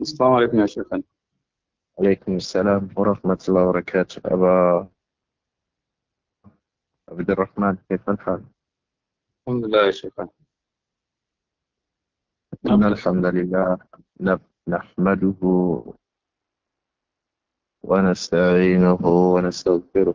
السلام عليكم يا شيخ عليكم السلام ورحمة الله وبركاته أبا عبد الرحمن كيف الحال؟ الحمد لله يا شيخ إن الحمد لله نحمده ونستعينه ونستغفره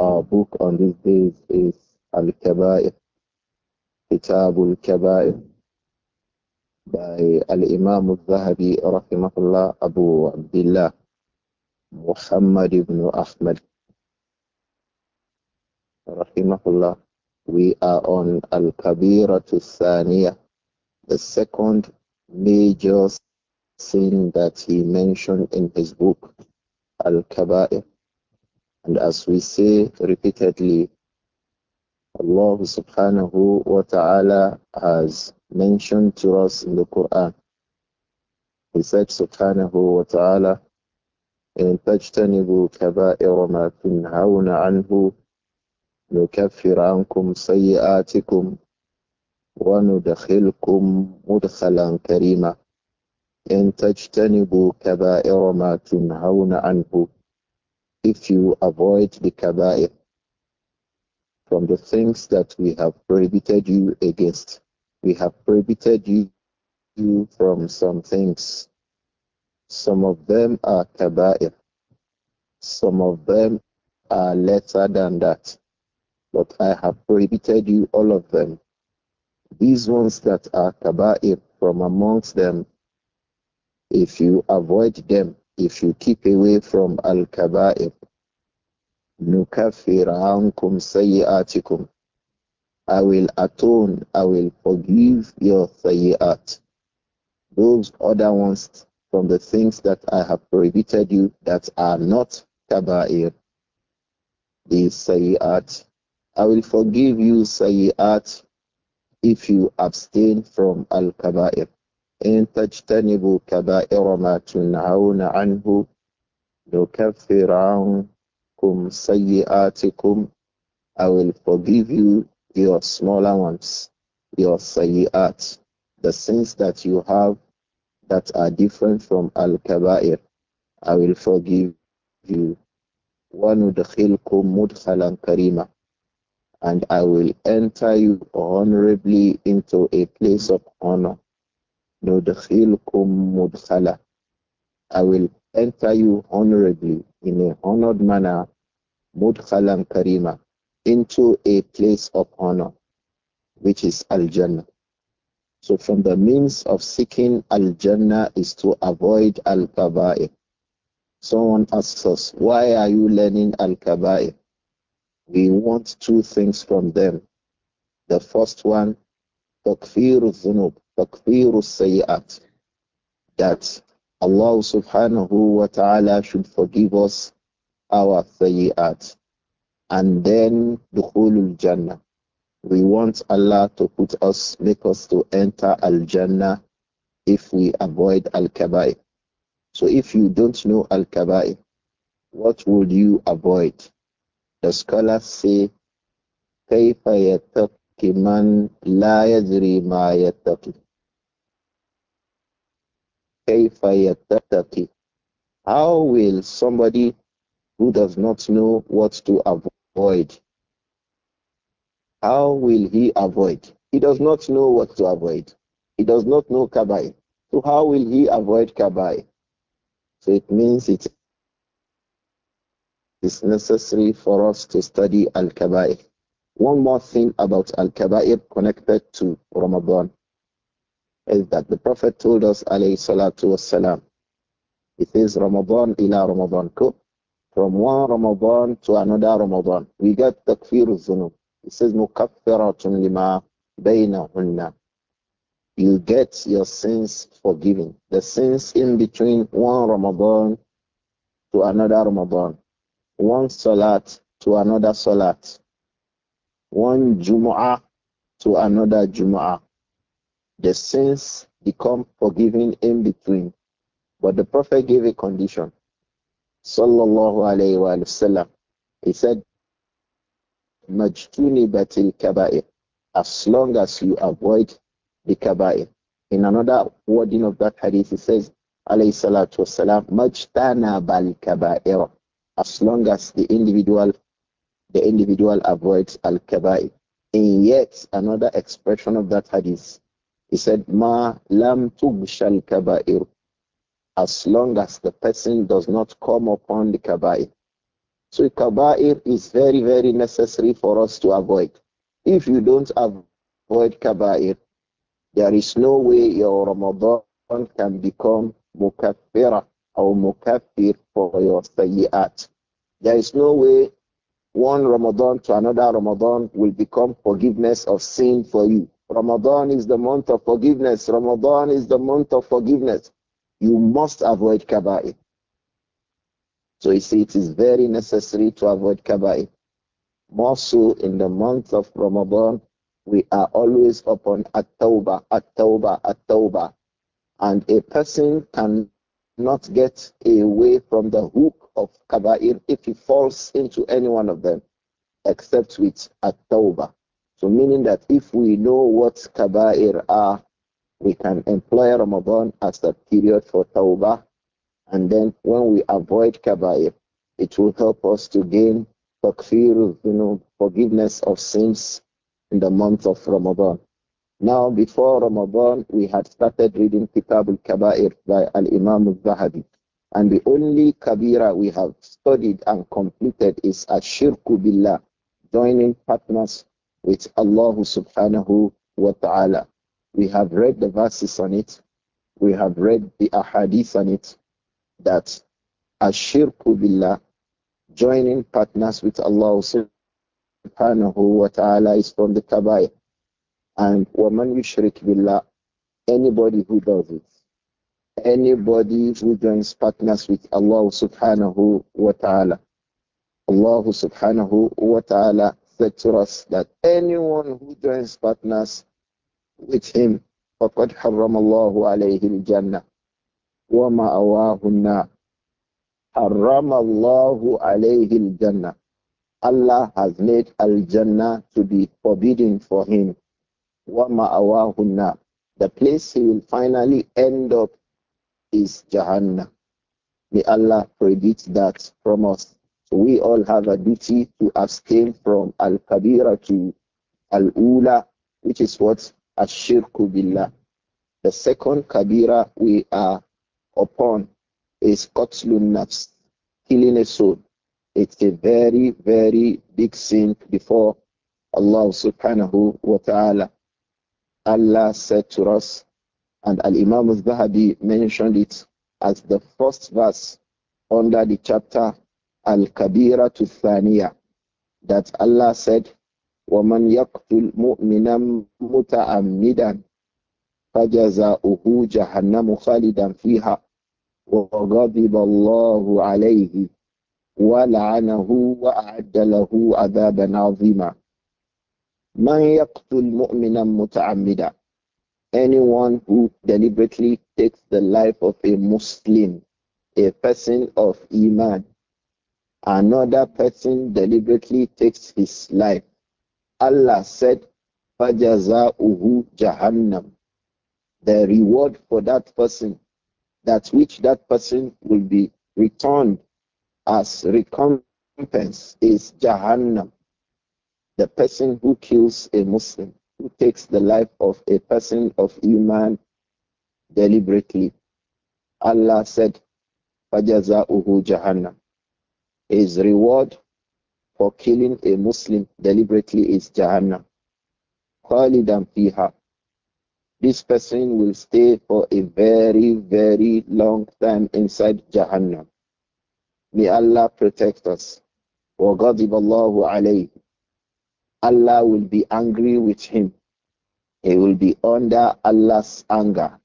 our book on these days is Al-Kaba'ir, Al Kaba'ir by Al-Imam al-Zahabi rahimahullah Abu Abdullah Muhammad ibn Ahmad rahimahullah. We are on Al-Kabira Tussaniya, the second major sin that he mentioned in his book Al-Kaba'ir and as we say repeatedly, Allah subhanahu wa ta'ala has mentioned to us in the Quran. He said subhanahu wa ta'ala, إن تجتنبوا كبائر ما تنهون عنه نكفر عنكم سيئاتكم وندخلكم مدخلا كريما إن تجتنبوا كبائر ما تنهون عنه if you avoid the kaba'ir from the things that we have prohibited you against. We have prohibited you, you from some things. Some of them are kaba'ir. Some of them are lesser than that. But I have prohibited you all of them. These ones that are kaba'ir from amongst them, if you avoid them, if you keep away from al kaba'ir, نكفر عنكم سيئاتكم I will atone, I will forgive your sayyat. Those other ones from the things that I have prohibited you that are not kaba'ir, the sayyat, I will forgive you sayyat if you abstain from al-kaba'ir. إن تجتنبوا كبائر ما تنهون عنه نكفر عنكم sayyi'atikum, I will forgive you your smaller ones, your sayyi'at, the sins that you have that are different from al-kaba'ir. I will forgive you. وَنُدْخِلْكُمْ مُدْخَلًا كَرِيمًا And I will enter you honorably into a place of honor. نُدْخِلْكُمْ مُدْخَلًا I will enter you honorably in a honored manner, mudkhalan karima, into a place of honor, which is al-jannah. So from the means of seeking al-jannah is to avoid al-kaba'ir. Someone asks us, why are you learning al-kaba'ir? We want two things from them. The first one, takfir al-zunub, takfir al-sayyat, that Allah subhanahu wa ta'ala should forgive us our sayyat. And then dukhulul jannah. We want Allah to put us, make us to enter al-jannah if we avoid al kabai. So if you don't know al kabai, what would you avoid? The scholars say, كيف يتقي لا يدري ما يتقي how will somebody who does not know what to avoid? How will he avoid? He does not know what to avoid. He does not know Kabai. So how will he avoid Kabai? So it means it is necessary for us to study Al Kabai. One more thing about Al Kabai connected to Ramadan is that the Prophet told us, alayhi salatu wasalam, it is Ramadan ila Ramadan. From one Ramadan to another Ramadan, we get takfir al-zunub. It says, mukaffiratun lima baynahunna. You get your sins forgiven. The sins in between one Ramadan to another Ramadan, one Salat to another Salat, one Jumu'ah to another Jumu'ah the sins become forgiven in between. But the Prophet gave a condition. Sallallahu alayhi wa sallam. He said, Majtunibatil kaba'ir. As long as you avoid the kaba'ir. In another wording of that hadith, it says, alayhi salatu wasalam, Majtanabal kaba'ir. As long as the individual the individual avoids al kaba'ir. In yet another expression of that hadith, he said, Ma lam tubshal kaba'ir. As long as the person does not come upon the kaba'ir. So kaba'ir is very, very necessary for us to avoid. If you don't avoid kaba'ir, there is no way your Ramadan can become mukaffira or mukaffir for your sayyat. There is no way one Ramadan to another Ramadan will become forgiveness of sin for you. Ramadan is the month of forgiveness. Ramadan is the month of forgiveness. You must avoid kaba'i. So you see, it is very necessary to avoid kaba'i. More so in the month of Ramadan, we are always upon at-tawbah, at-tawbah, at-tawbah. And a person can not get away from the hook of kaba'ir if he falls into any one of them, except with at-tawbah. So meaning that if we know what kaba'ir are, we can employ Ramadan as a period for tawbah. And then when we avoid kaba'ir, it will help us to gain takfir, you know, forgiveness of sins in the month of Ramadan. Now, before Ramadan, we had started reading Kitab al-Kaba'ir by Al-Imam al-Zahabi. And the only kabira we have studied and completed is Ashirku Billah, joining partners with Allah subhanahu wa ta'ala. We have read the verses on it. We have read the ahadith on it that ashirku billah, joining partners with Allah subhanahu wa ta'ala is from the kabair. And woman yushrik billah, anybody who does it, anybody who joins partners with Allah subhanahu wa ta'ala. Allah subhanahu wa ta'ala said to us that anyone who joins partners with him, فَقَدْ حَرَّمَ اللَّهُ عَلَيْهِ الْجَنَّةِ وَمَا أَوَاهُ النَّارِ حَرَّمَ اللَّهُ عَلَيْهِ الْجَنَّةِ Allah has made Al-Jannah to be forbidden for him. وَمَا أَوَاهُ النَّارِ The place he will finally end up is Jahannam. May Allah predict that from us we all have a duty to abstain from al kabira to al ula, which is what ashirku billah. The second kabira we are upon is qatlun nafs, killing a soul. It's a very, very big sin before Allah subhanahu wa ta'ala. Allah said to us, and Al Imam al Zahabi mentioned it as the first verse under the chapter Al-Kabira to Thaniya that Allah said, وَمَنْ يَقْتُلْ مُؤْمِنًا مُتَعَمِّدًا فَجَزَاؤُهُ جَهَنَّمُ خَالِدًا فِيهَا وَغَضِبَ اللَّهُ عَلَيْهِ ولعنه وأعد له عذابا عظيما من يقتل مؤمنا متعمدا anyone who deliberately takes the life of a Muslim a person of Iman another person deliberately takes his life. Allah said, Fajaza'uhu Jahannam. The reward for that person, that which that person will be returned as recompense, is Jahannam. The person who kills a Muslim, who takes the life of a person of iman deliberately. Allah said, Fajaza'uhu Jahannam his reward for killing a Muslim deliberately is Jahannam. Khalidan fiha. This person will stay for a very, very long time inside Jahannam. May Allah protect us. وَغَضِبَ اللَّهُ عَلَيْهِ Allah will be angry with him. He will be under Allah's anger.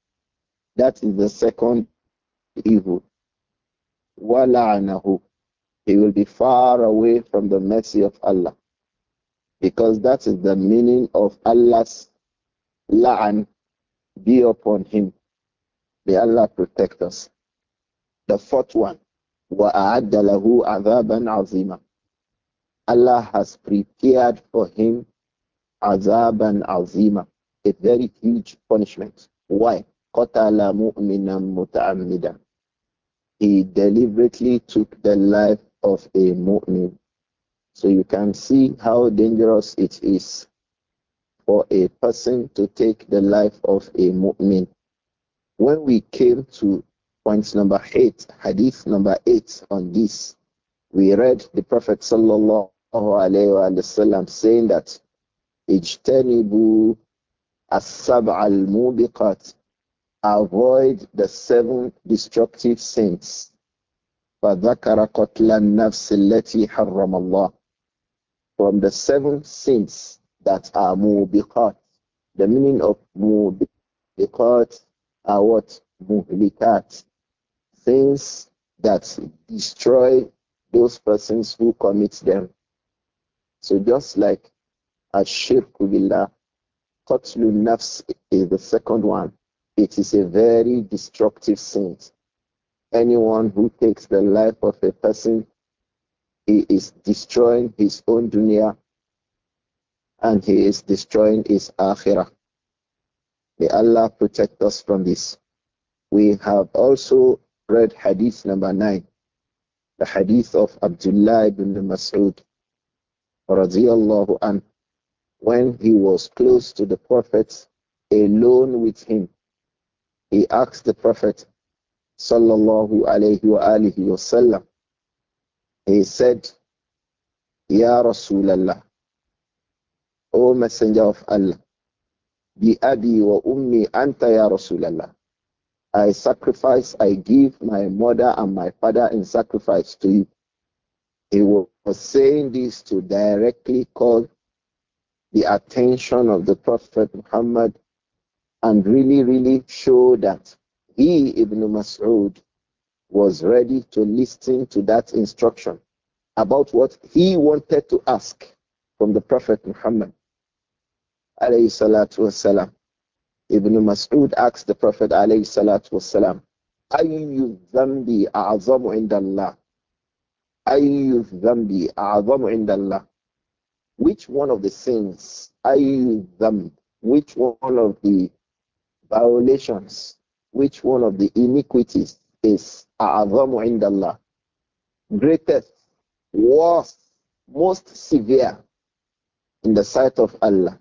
That is the second evil he will be far away from the mercy of Allah. Because that is the meaning of Allah's la'an be upon him. May Allah protect us. The fourth one, وَأَعَدَّ لَهُ عَذَابًا عَظِيمًا Allah has prepared for him عَذَابًا عَظِيمًا A very huge punishment. Why? قَتَلَ مُؤْمِنًا مُتَعَمِّدًا He deliberately took the life of a mu'min. So you can see how dangerous it is for a person to take the life of a mu'min. When we came to point number eight, hadith number eight on this, we read the Prophet sallallahu alaihi wasallam saying that sab al-mubiqat, avoid the seven destructive sins فَذَكَرَ قَتْلَ النَّفْسِ الَّتِي حَرَّمَ اللَّهِ From the seven sins that are mubiqat. The meaning of mubiqat are what? Muhlikat. Things that destroy those persons who commit them. So just like ashirku billah, qatlun nafs is the second one. It is a very destructive sin anyone who takes the life of a person, he is destroying his own dunya and he is destroying his akhirah. May Allah protect us from this. We have also read hadith number 9, the hadith of Abdullah ibn Mas'ud radiallahu when he was close to the Prophet, alone with him. He asked the Prophet, sallallahu alayhi wa alihi wasallam. He said, Ya Rasulallah, O Messenger of Allah, bi abi wa ummi anta ya Rasulallah. I sacrifice, I give my mother and my father in sacrifice to you. He was saying this to directly call the attention of the Prophet Muhammad and really, really show that he, Ibn Mas'ud, was ready to listen to that instruction about what he wanted to ask from the Prophet Muhammad. Alayhi Ibn Mas'ud asked the Prophet alayhi salatu wasalam, indallah. indallah. Which one of the sins, which one of the violations which one of the iniquities is a'adhamu Greatest, worst, most severe in the sight of Allah.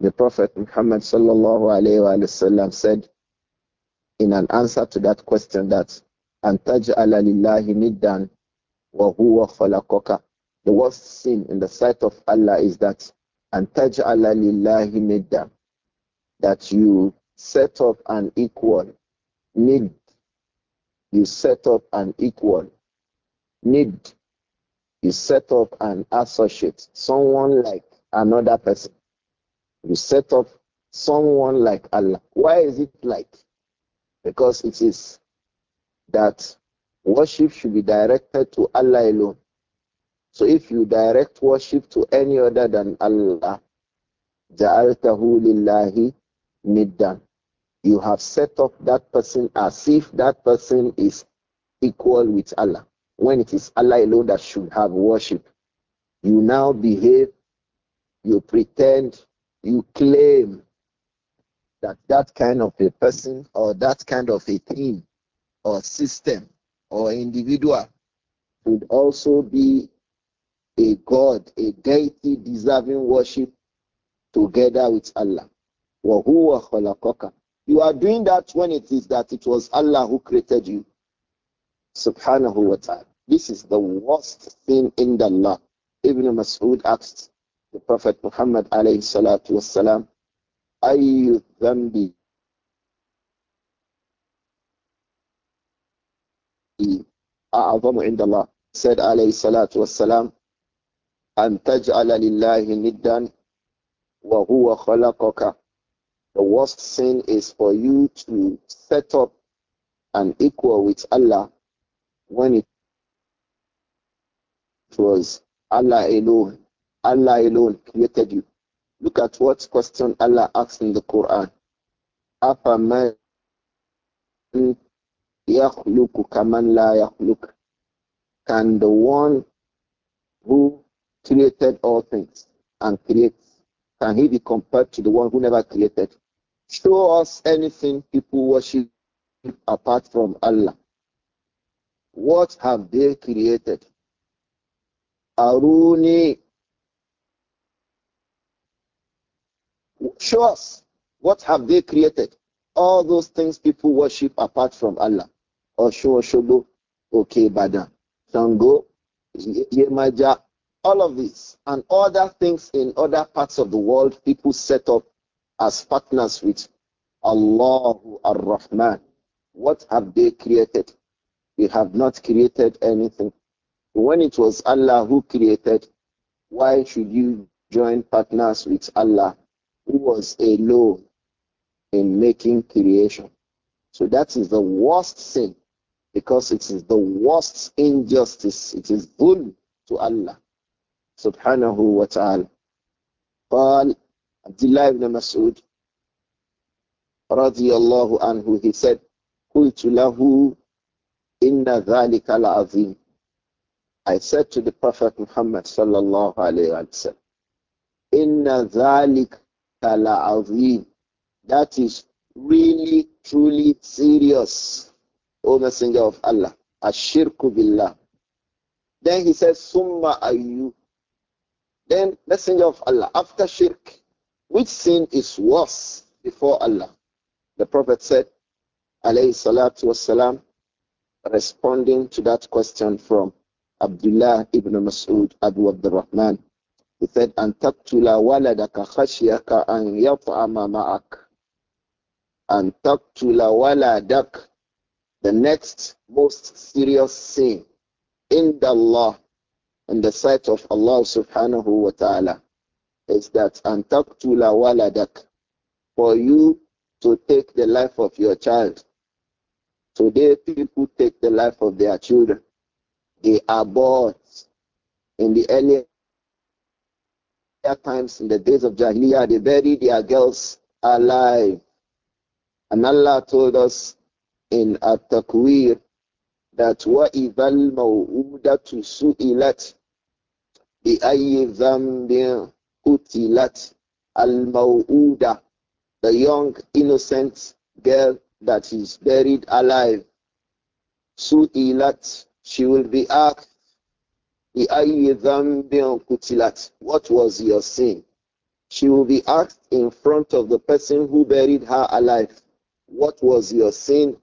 The Prophet Muhammad sallallahu alayhi wa, sallam, said in an answer to that question that أن تجعل لله wa huwa خلقك The worst sin in the sight of Allah is that antaj تجعل niddan. That you set up an equal. Need. You set up an equal. Need. You set up an associate. Someone like another person. You set up someone like Allah. Why is it like? Because it is that worship should be directed to Allah alone. So if you direct worship to any other than Allah, جَعَلْتَهُ لِلَّهِ نِدًّا you have set up that person as if that person is equal with Allah. When it is Allah alone that should have worship, you now behave, you pretend, you claim that that kind of a person or that kind of a thing or system or individual would also be a God, a deity deserving worship together with Allah. You are doing that when it is that it was Allah who created you. Subhanahu wa ta'ala. This is the worst thing in the law. Ibn Mas'ud asked the Prophet Muhammad alayhi salatu wasalam, Ayyu dhambi أعظم عند الله said عليه الصلاة والسلام أن تجعل لله ندا وهو خلقك the worst sin is for you to set up an equal with Allah when it was Allah alone. Allah alone created you. Look at what question Allah asks in the Quran. Can the one who created all things and creates, can he be compared to the one who never created? Show us anything people worship apart from Allah. What have they created? Aruni. Show us what have they created? All those things people worship apart from Allah. Osho Oshogo, Oke Bada, Yemaja, all of these and other things in other parts of the world people set up as partners with Allahu Ar-Rahman. What have they created? They have not created anything. When it was Allah who created, why should you join partners with Allah, who was alone in making creation? So that is the worst sin because it is the worst injustice. It is bull to Allah subhanahu wa ta'ala. قال Abdullah ibn Mas'ud, radiallahu anhu, he said, قُلْتُ لَهُ إِنَّ ذَلِكَ الْعَظِيمُ I said to the Prophet Muhammad sallallahu alayhi wa sallam, إِنَّ ذَلِكَ الْعَظِيمُ That is really, truly serious, O Messenger of Allah. Ashirku billah. Then he says, Summa ayu. Then Messenger of Allah, after shirk, which sin is worse before Allah? The Prophet said, alayhi salatu wasalam, responding to that question from Abdullah ibn Mas'ud Abu Abdurrahman. He said, "An taktula waladaka khashyaka an yat'ama ma'ak." An taktula waladak. The next most serious sin in the Allah in the sight of Allah subhanahu wa ta'ala, is that antaktula waladak, for you to take the life of your child. Today, people take the life of their children. They abort. In the earlier times, in the days of Jahiliyyah, they buried their girls alive. And Allah told us in At-Takwir that وَإِذَا الْمَوْءُودَةُ سُئِلَتْ بِأَيِّ ذَنْبٍ Utilat al-Maw'uda, the young innocent girl that is buried alive. Su'ilat, she will be asked, kutilat. What was your sin? She will be asked in front of the person who buried her alive. What was your sin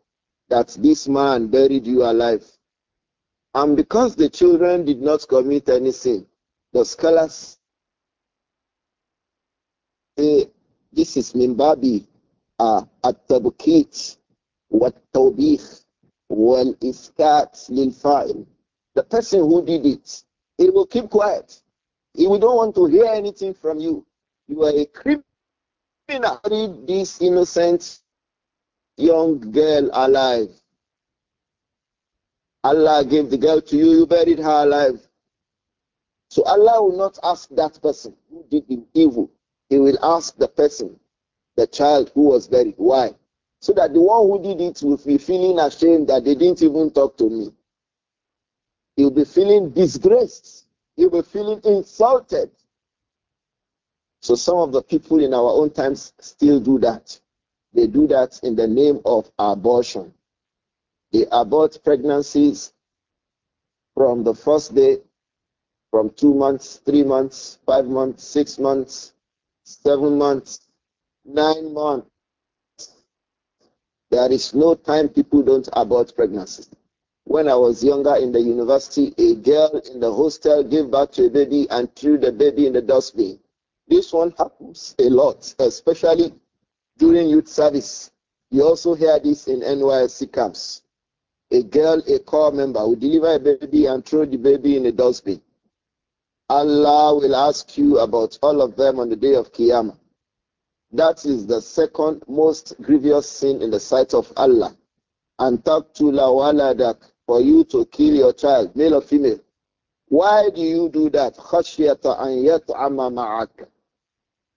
that this man buried you alive? And because the children did not commit any sin, the scholars this is Mimbabi uh, at Tabukit, what Tawbih, when Iskat Lilfa'il. The person who did it, he will keep quiet. He will don't want to hear anything from you. You are a criminal. Read this innocent young girl alive. Allah gave the girl to you, you buried her alive. So Allah will not ask that person who did the evil he will ask the person, the child who was buried, why? So that the one who did it will be feeling ashamed that they didn't even talk to me. He'll be feeling disgraced. He'll be feeling insulted. So some of the people in our own times still do that. They do that in the name of abortion. They abort pregnancies from the first day, from two months, three months, five months, six months, seven months, nine months. There is no time people don't abort pregnancies. When I was younger in the university, a girl in the hostel gave birth to a baby and threw the baby in the dustbin. This one happens a lot, especially during youth service. You also hear this in NYC camps. A girl, a core member, would deliver a baby and throw the baby in a dustbin. Allah will ask you about all of them on the day of Qiyamah. That is the second most grievous sin in the sight of Allah. And taqtula waladak, for you to kill your child, male or female. Why do you do that? Khashyata an amma ma'aka.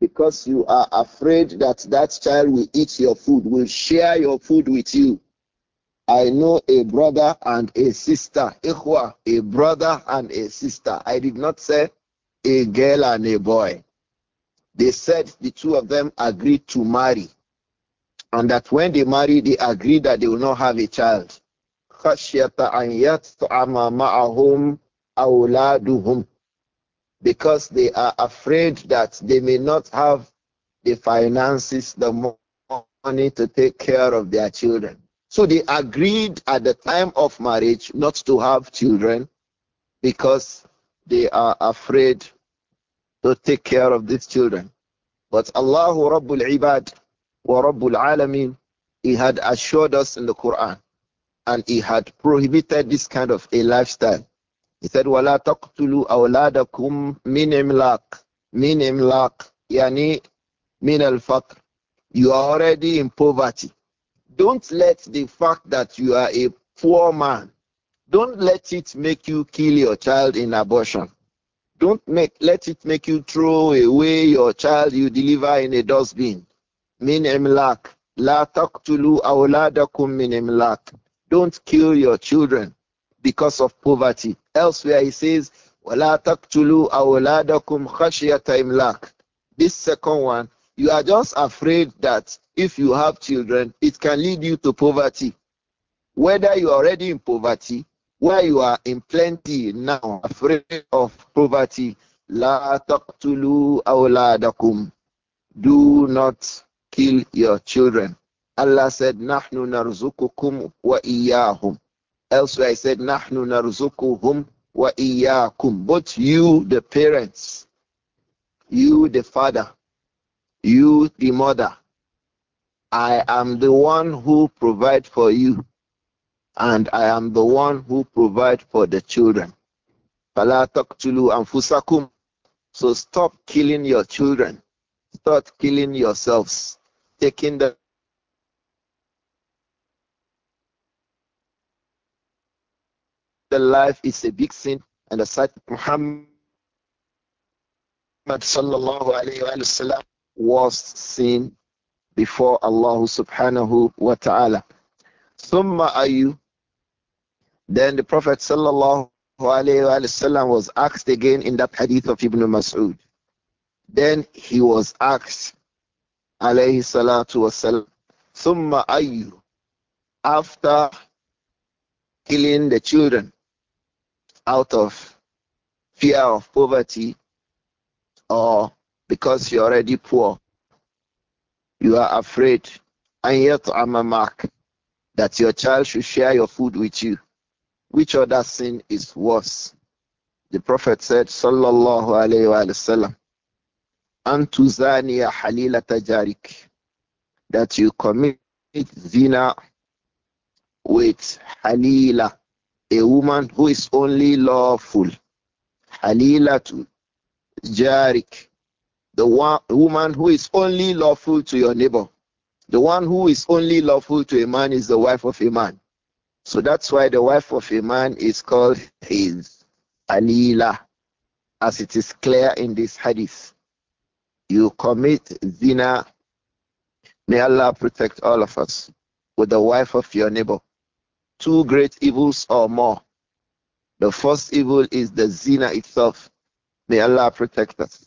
Because you are afraid that that child will eat your food, will share your food with you. I know a brother and a sister. Ikhwa, a brother and a sister. I did not say a girl and a boy. They said the two of them agreed to marry. And that when they marry, they agreed that they will not have a child. Because they are afraid that they may not have the finances, the money to take care of their children. So they agreed at the time of marriage not to have children because they are afraid to take care of these children. But Allah Rabbul Ibad wa Rabbul Alameen, He had assured us in the Quran and He had prohibited this kind of a lifestyle. He said, وَلَا تَقْتُلُوا أَوْلَادَكُمْ مِنْ إِمْلَاقٍ مِنْ إِمْلَاقٍ يعني من الفقر You are already in poverty. Don't let the fact that you are a poor man, don't let it make you kill your child in abortion. Don't make, let it make you throw away your child you deliver in a dustbin. Min emlak. La taqtulu awladakum min emlak. Don't kill your children because of poverty. Elsewhere he says, وَلَا تَقْتُلُوا أَوْلَادَكُمْ خَشْيَةَ إِمْلَاقٍ This second one, you are just afraid that if you have children, it can lead you to poverty. Whether you are already in poverty, where you are in plenty now, afraid of poverty, la taqtulu awladakum. Do not kill your children. Allah said, Nahnu narzukukum wa iyahum. Elsewhere, I said, Nahnu narzukuhum wa iyakum. But you, the parents, you, the father, you, the mother, I am the one who provides for you, and I am the one who provides for the children. So stop killing your children. Start killing yourselves. Taking the the life is a big sin and the sight of Muhammad sallallahu alayhi wa was sin before Allah subhanahu wa ta'ala. Summa ayu. Then the Prophet sallallahu alayhi wasallam was asked again in that hadith of Ibn Mas'ud. Then he was asked, alayhi salatu wasallam, summa ayu, after killing the children out of fear of poverty or because you're already poor you are afraid. And yet I'm a mark that your child should share your food with you. Which other sin is worse? The Prophet said, Sallallahu Alaihi Wasallam, Antuzaniya Halila Tajarik, that you commit zina with Halila, a woman who is only lawful. Halila to Jarik, the one, woman who is only lawful to your neighbor. The one who is only lawful to a man is the wife of a man. So that's why the wife of a man is called his alila, as it is clear in this hadith. You commit zina. May Allah protect all of us with the wife of your neighbor. Two great evils or more. The first evil is the zina itself. May Allah protect us.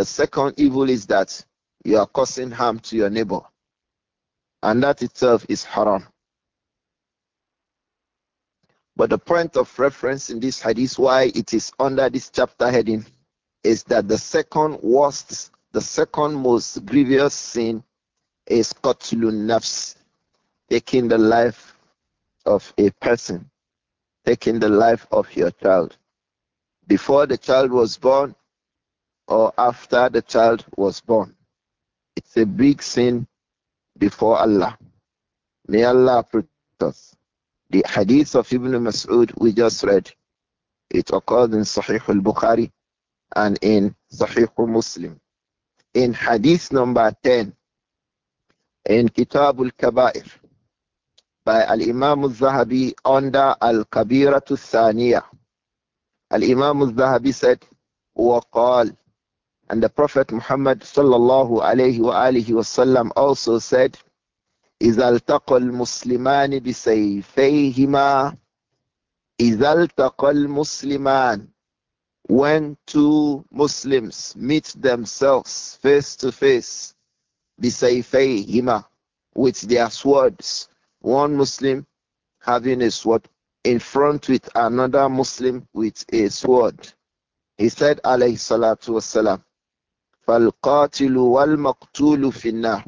The second evil is that you are causing harm to your neighbor. And that itself is haram. But the point of reference in this hadith, why it is under this chapter heading, is that the second worst, the second most grievous sin is qatlun nafs, taking the life of a person, taking the life of your child. Before the child was born, or after the child was born. It's a big sin before Allah. May Allah protect us. The hadith of Ibn Mas'ud we just read, it occurred in Sahih al-Bukhari and in Sahih muslim In hadith number 10, in Kitab al-Kabair, by Al-Imam al-Zahabi under Al-Kabiratu al-Thaniya. Al-Imam al-Zahabi said, وقال and the Prophet Muhammad sallallahu alayhi wa alihi wasallam also said, إِذَا الْتَقَى الْمُسْلِمَانِ بِسَيْفَيْهِمَا إِذَا الْتَقَى الْمُسْلِمَانِ When two Muslims meet themselves face to face, بِسَيْفَيْهِمَا With their swords, one Muslim having a sword in front with another Muslim with a sword. He said, alayhi salatu wasalam, فالقاتل والمقتول في النار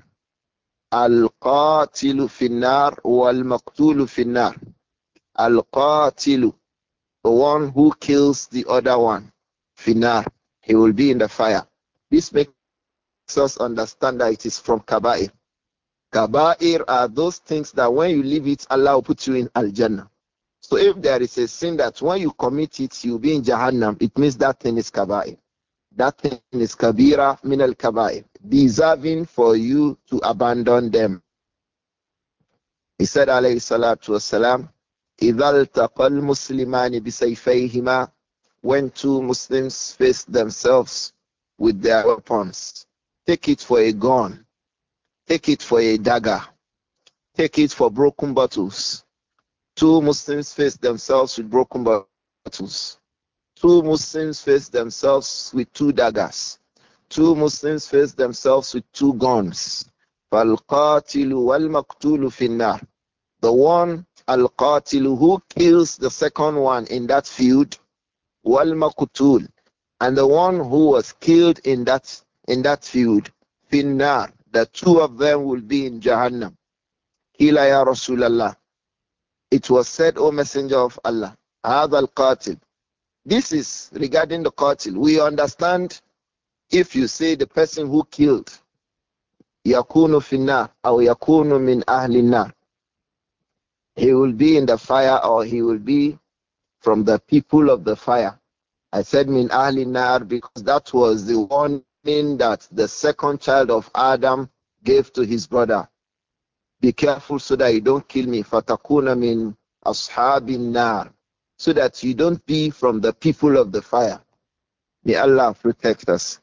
القاتل في النار والمقتول في النار القاتل the one who kills the other one في النار he will be in the fire this makes us understand that it is from kaba'ir kaba'ir are those things that when you leave it Allah will put you in al-jannah so if there is a sin that when you commit it you'll be in jahannam it means that thing is kaba'ir that thing is kabira min al kabair, deserving for you to abandon them. He said, alayhi salatu wasalam, إِذَا الْتَقَى الْمُسْلِمَانِ When two Muslims face themselves with their weapons, take it for a gun, take it for a dagger, take it for broken bottles. Two Muslims face themselves with broken bottles. Two Muslims face themselves with two daggers. Two Muslims face themselves with two guns. فَالْقَاتِلُ وَالْمَقْتُولُ فِي النَّارِ The one, al-qatilu, who kills the second one in that field, وَالْمَقْتُولُ And the one who was killed in that, in that field, فِي The two of them will be in Jahannam. قِيلَ يَا It was said, O Messenger of Allah, هَذَا الْقَاتِلُ this is regarding the qatil. We understand if you say the person who killed yakunu finna or yakunu min ahlina he will be in the fire or he will be from the people of the fire i said min ahlina because that was the warning that the second child of adam gave to his brother be careful so that you don't kill me fatakuna min ashabin nar so that you don't be from the people of the fire. May Allah protect us.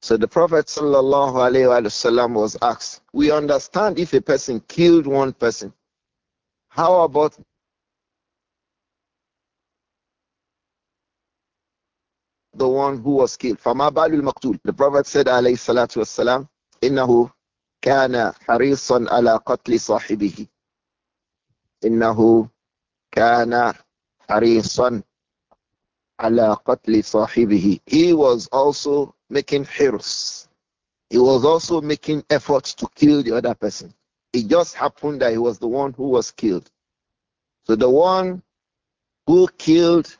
So the Prophet wasallam was asked, We understand if a person killed one person. How about the one who was killed? فَمَا بَالُ الْمَقْتُولِ The Prophet said, alayhi salatu wasalam, إِنَّهُ كَانَ حَرِيصًا عَلَى قَتْلِ صَاحِبِهِ إِنَّهُ kana harisan ala qatli sahibihi. He was also making hirs. He was also making efforts to kill the other person. It just happened that he was the one who was killed. So the one who killed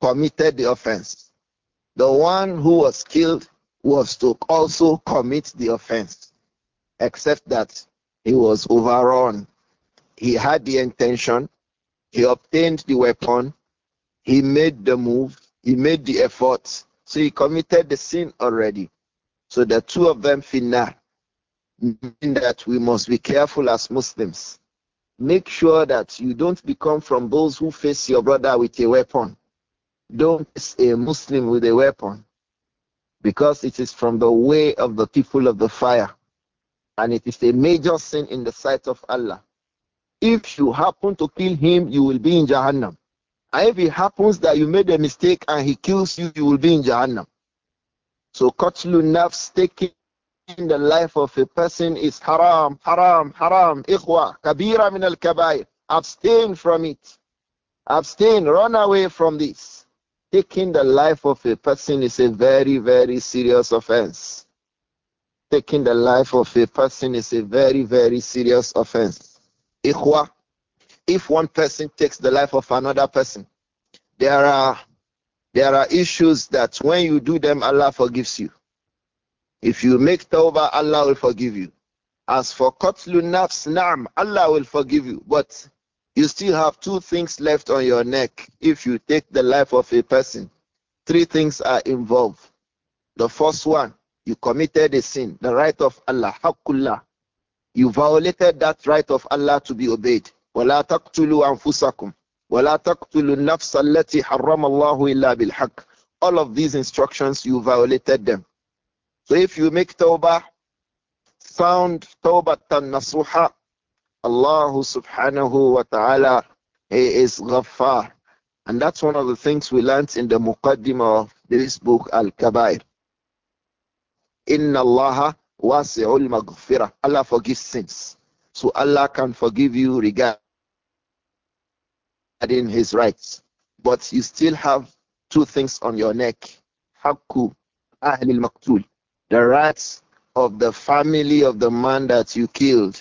committed the offense. The one who was killed was to also commit the offense, except that he was overrun. He had the intention, he obtained the weapon, he made the move, he made the effort, so he committed the sin already. So the two of them finna mean that we must be careful as Muslims. Make sure that you don't become from those who face your brother with a weapon. Don't face a Muslim with a weapon because it is from the way of the people of the fire and it is a major sin in the sight of Allah. If you happen to kill him, you will be in Jahannam. And if it happens that you made a mistake and he kills you, you will be in Jahannam. So the nafs taking the life of a person is haram, haram, haram, ikhwa, kabira min al kabair. Abstain from it. Abstain, run away from this. Taking the life of a person is a very, very serious offense. Taking the life of a person is a very, very serious offense. Ikhwa, if one person takes the life of another person, there are there are issues that when you do them, Allah forgives you. If you make tawbah, Allah will forgive you. As for qatlu nafs na'am, Allah will forgive you. But you still have two things left on your neck if you take the life of a person. Three things are involved. The first one, you committed a sin, the right of Allah, haqqullah. You violated that right of Allah to be obeyed. وَلَا تَقْتُلُوا أَنفُسَكُمْ وَلَا تَقْتُلُوا النَّفْسَ الَّتِي حَرَّمَ اللَّهُ إِلَّا بِالْحَقِّ All of these instructions, you violated them. So if you make tawbah, sound tawbatan nasuha, Allah subhanahu wa ta'ala, He is ghaffar. And that's one of the things we learned in the muqaddimah of this book, Al-Kabair. Inna Allah Wasi'ul maghfirah. Allah forgives sins. So Allah can forgive you regarding his rights. But you still have two things on your neck. Hakku ahlil maktul The rights of the family of the man that you killed.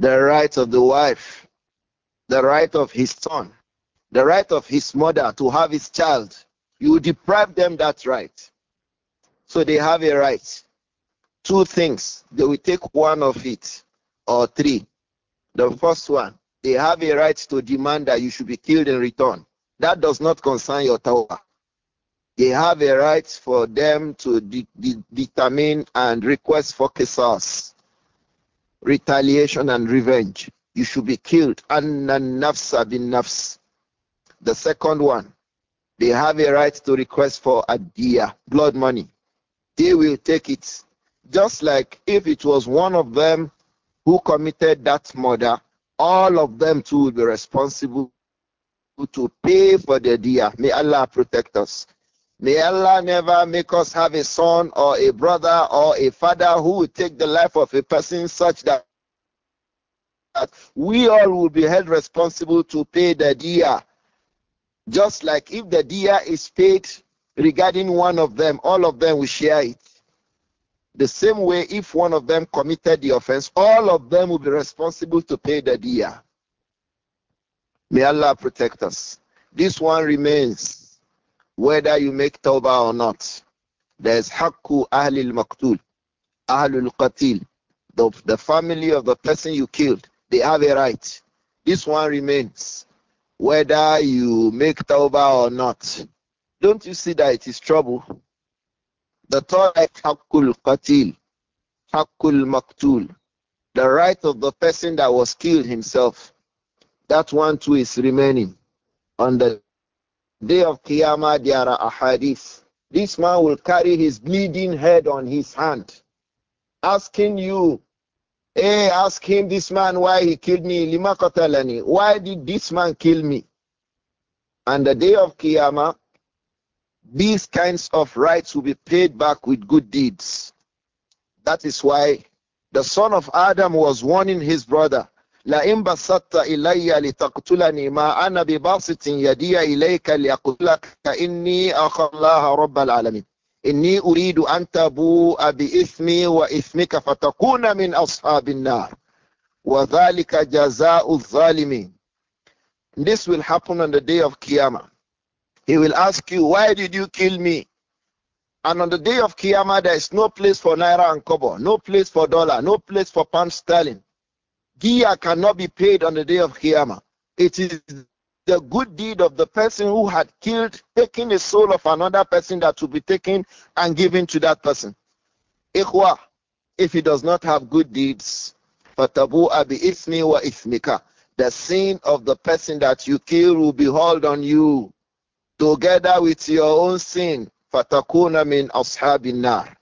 The right of the wife. The right of his son. The right of his mother to have his child. You deprive them that right. So they have a right two things. They will take one of it or three. The first one, they have a right to demand that you should be killed in return. That does not concern your tower. They have a right for them to de de determine and request for kisas, retaliation and revenge. You should be killed. nafs have bin nafs. The second one, they have a right to request for adia, blood money. They will take it just like if it was one of them who committed that murder, all of them too will be responsible to pay for the dia. May Allah protect us. May Allah never make us have a son or a brother or a father who will take the life of a person such that we all will be held responsible to pay the dia. Just like if the dia is paid regarding one of them, all of them will share it. The same way, if one of them committed the offense, all of them will be responsible to pay the diya. May Allah protect us. This one remains, whether you make tawbah or not. There's haqqu ahlil maktul, ahlul qatil, the, the family of the person you killed. They have a right. This one remains, whether you make tawbah or not. Don't you see that it is trouble? The third right, Hakul Qatil, Hakul Maktul, the right of the person that was killed himself. That one too is remaining. On the day of Qiyamah, there are ahadith. This man will carry his bleeding head on his hand, asking you, Hey, ask him this man why he killed me. Lima qatalani. Why did this man kill me? On the day of Qiyamah, these kinds of rights will be paid back with good deeds. That is why the son of Adam was warning his brother, لئن بسطت إلي لتقتلني ما أنا بباسط يدي إليك لأقتلك إني أخاف الله رب العالمين إني أريد أن تبوء بإثمي وإثمك فتكون من أصحاب النار وذلك جزاء الظالمين This will happen on the day of Qiyamah. He will ask you, Why did you kill me? And on the day of Qiyamah, there is no place for Naira and Kobo, no place for dollar, no place for pound sterling. Giya cannot be paid on the day of Qiyamah. It is the good deed of the person who had killed, taking the soul of another person that will be taken and given to that person. Ikhwa, if he does not have good deeds, fatabu abi ismi wa ismika. The sin of the person that you kill will be hauled on you together with your own sin. Fatakuna min ashabin nar.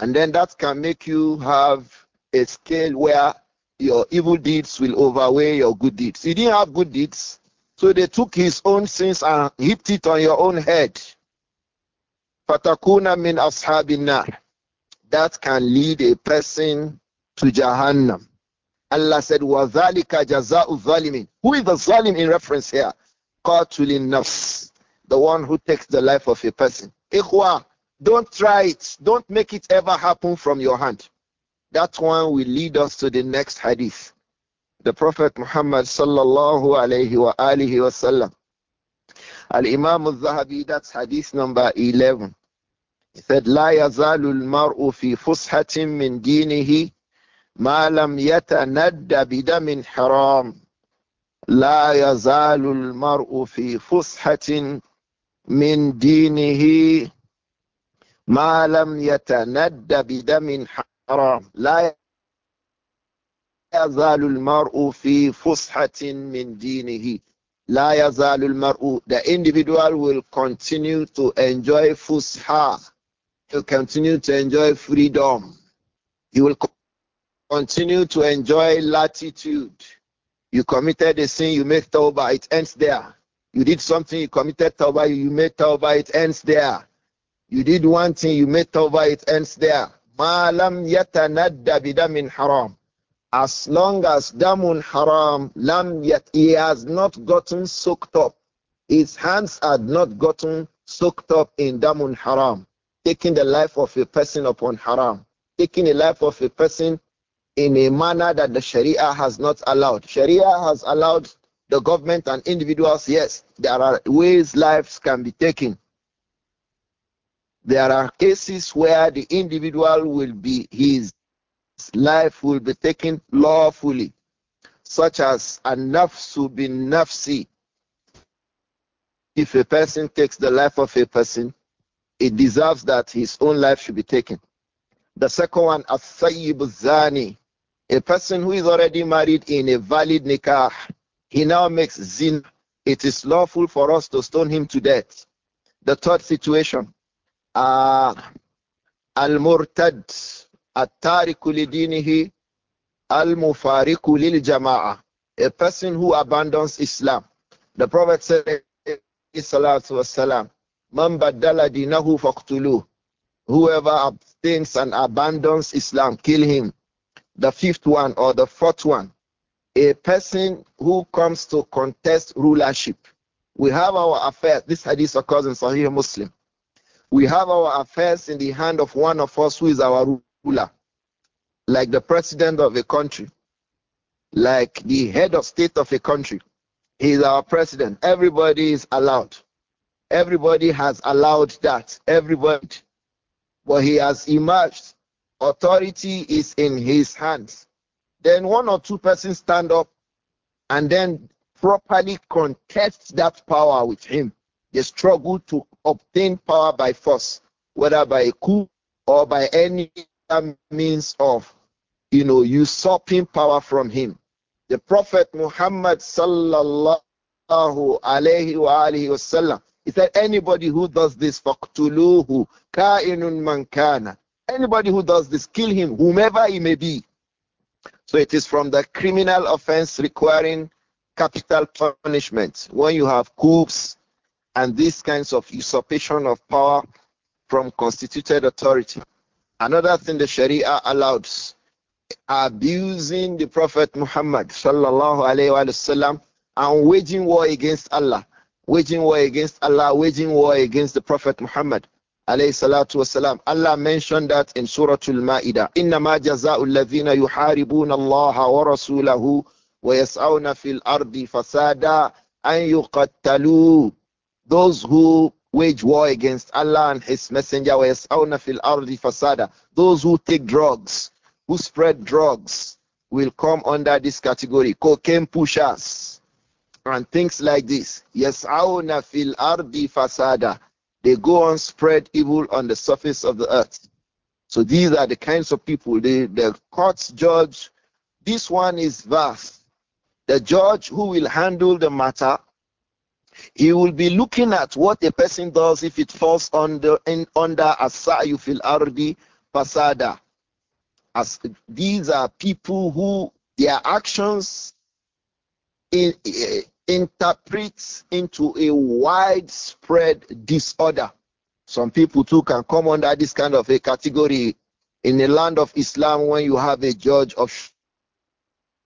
And then that can make you have a scale where your evil deeds will overweigh your good deeds. He didn't have good deeds, so they took his own sins and heaped it on your own head. Fatakuna min ashabin nar. That can lead a person to Jahannam. Allah said, وَذَلِكَ جَزَاءُ الظَّالِمِينَ Who is the zalim in reference here? قَاتُلِ النَّفْسِ the one who takes the life of a person. Ikhwa, don't try it. Don't make it ever happen from your hand. That one will lead us to the next hadith. The Prophet Muhammad sallallahu alayhi wa alihi wa sallam. Al-Imam al-Zahabi, that's hadith number 11. He said, لا يزال المرء في فسحة من دينه ما لم يتند بدم حرام لا يزال المرء في فسحة من دينه ما لم يتند بدم حرام لا يزال المرء في فسحة من دينه لا يزال المرء the individual will continue to enjoy فصحة to continue to enjoy freedom he will continue to enjoy latitude you committed a sin you make tawbah it ends there You did something, you committed tawbah, you made tawbah, it ends there. You did one thing, you made tawbah, it ends there. Ma lam yatanadda bidamin haram. As long as damun haram, lam yet, he has not gotten soaked up. His hands had not gotten soaked up in damun haram, taking the life of a person upon haram, taking the life of a person in a manner that the Sharia has not allowed. Sharia has allowed the government and individuals, yes, there are ways lives can be taken. There are cases where the individual will be, his life will be taken lawfully, such as a nafsu bin nafsi. If a person takes the life of a person, it deserves that his own life should be taken. The second one, a sayyib zani, a person who is already married in a valid nikah he now makes zin. It is lawful for us to stone him to death. The third situation, uh, al-murtad, at-tariku lidinihi, al-mufariku lil A person who abandons Islam. The Prophet said, salatu man badala dinahu Whoever abstains and abandons Islam, kill him. The fifth one or the fourth one, a person who comes to contest rulership. We have our affairs. This hadith occurs in Sahih Muslim. We have our affairs in the hand of one of us who is our ruler, like the president of a country, like the head of state of a country. He is our president. Everybody is allowed. Everybody has allowed that. Everybody. But he has emerged. Authority is in his hands then one or two persons stand up and then properly contest that power with him. They struggle to obtain power by force, whether by a coup or by any means of, you know, usurping power from him. The Prophet Muhammad sallallahu alayhi wa alayhi wasallam, he said, anybody who does this, faqtuluhu ka'inun man kana. Anybody who does this, kill him, whomever he may be. So it is from the criminal offense requiring capital punishment. When you have coups and these kinds of usurpation of power from constituted authority. Another thing the Sharia allows abusing the Prophet Muhammad sallallahu alaihi wasallam and waging war against Allah, waging war against Allah, waging war against the Prophet Muhammad salatu wasalam. Allah mentioned that in Surah Al-Ma'idah. إِنَّمَا جَزَاءُ الَّذِينَ يُحَارِبُونَ اللَّهَ وَرَسُولَهُ وَيَسْعَوْنَ فِي الْأَرْضِ فَسَادًا أَن يُقَتَّلُوا Those who wage war against Allah and His Messenger وَيَسْعَوْنَ فِي الْأَرْضِ فَسَادًا Those who take drugs, who spread drugs, will come under this category. Cocaine pushers and things like this. Yes, fil ardi fasada. They go and spread evil on the surface of the earth. So these are the kinds of people. the courts judge. This one is vast. The judge who will handle the matter, he will be looking at what a person does if it falls under in, under asayu fil ardi pasada. As these are people who their actions in, eh, interprets into a widespread disorder. Some people too can come under this kind of a category in the land of Islam when you have a judge of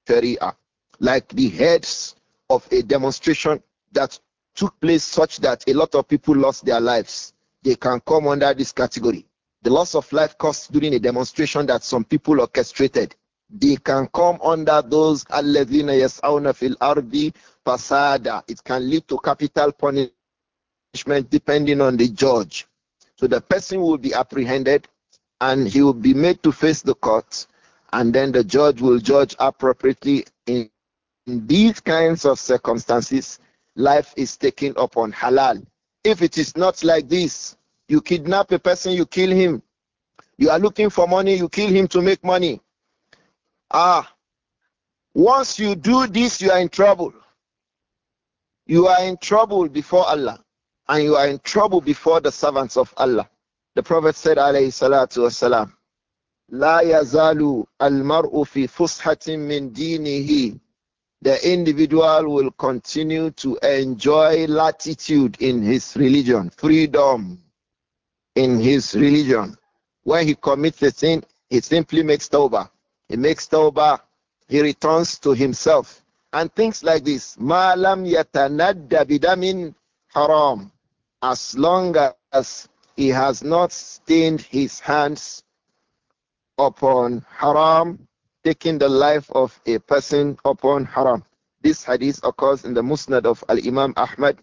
Sharia, like the heads of a demonstration that took place such that a lot of people lost their lives. They can come under this category. The loss of life caused during a demonstration that some people orchestrated they can come under those alladhina yas'auna fil ardi fasada. It can lead to capital punishment depending on the judge. So the person will be apprehended and he will be made to face the court and then the judge will judge appropriately in, in these kinds of circumstances life is taken upon halal if it is not like this you kidnap a person you kill him you are looking for money you kill him to make money Ah, once you do this, you are in trouble. You are in trouble before Allah, and you are in trouble before the servants of Allah. The Prophet said, alayhi salatu wasalam, La yazalu al-mar'u fi fushatin min dinihi. The individual will continue to enjoy latitude in his religion, freedom in his religion. When he commits a sin, he simply makes tawbah. He makes tawbah. He returns to himself. And things like this. Ma'alam lam yatanadda bidamin haram. As long as he has not stained his hands upon haram, taking the life of a person upon haram. This hadith occurs in the Musnad of Al Imam Ahmad,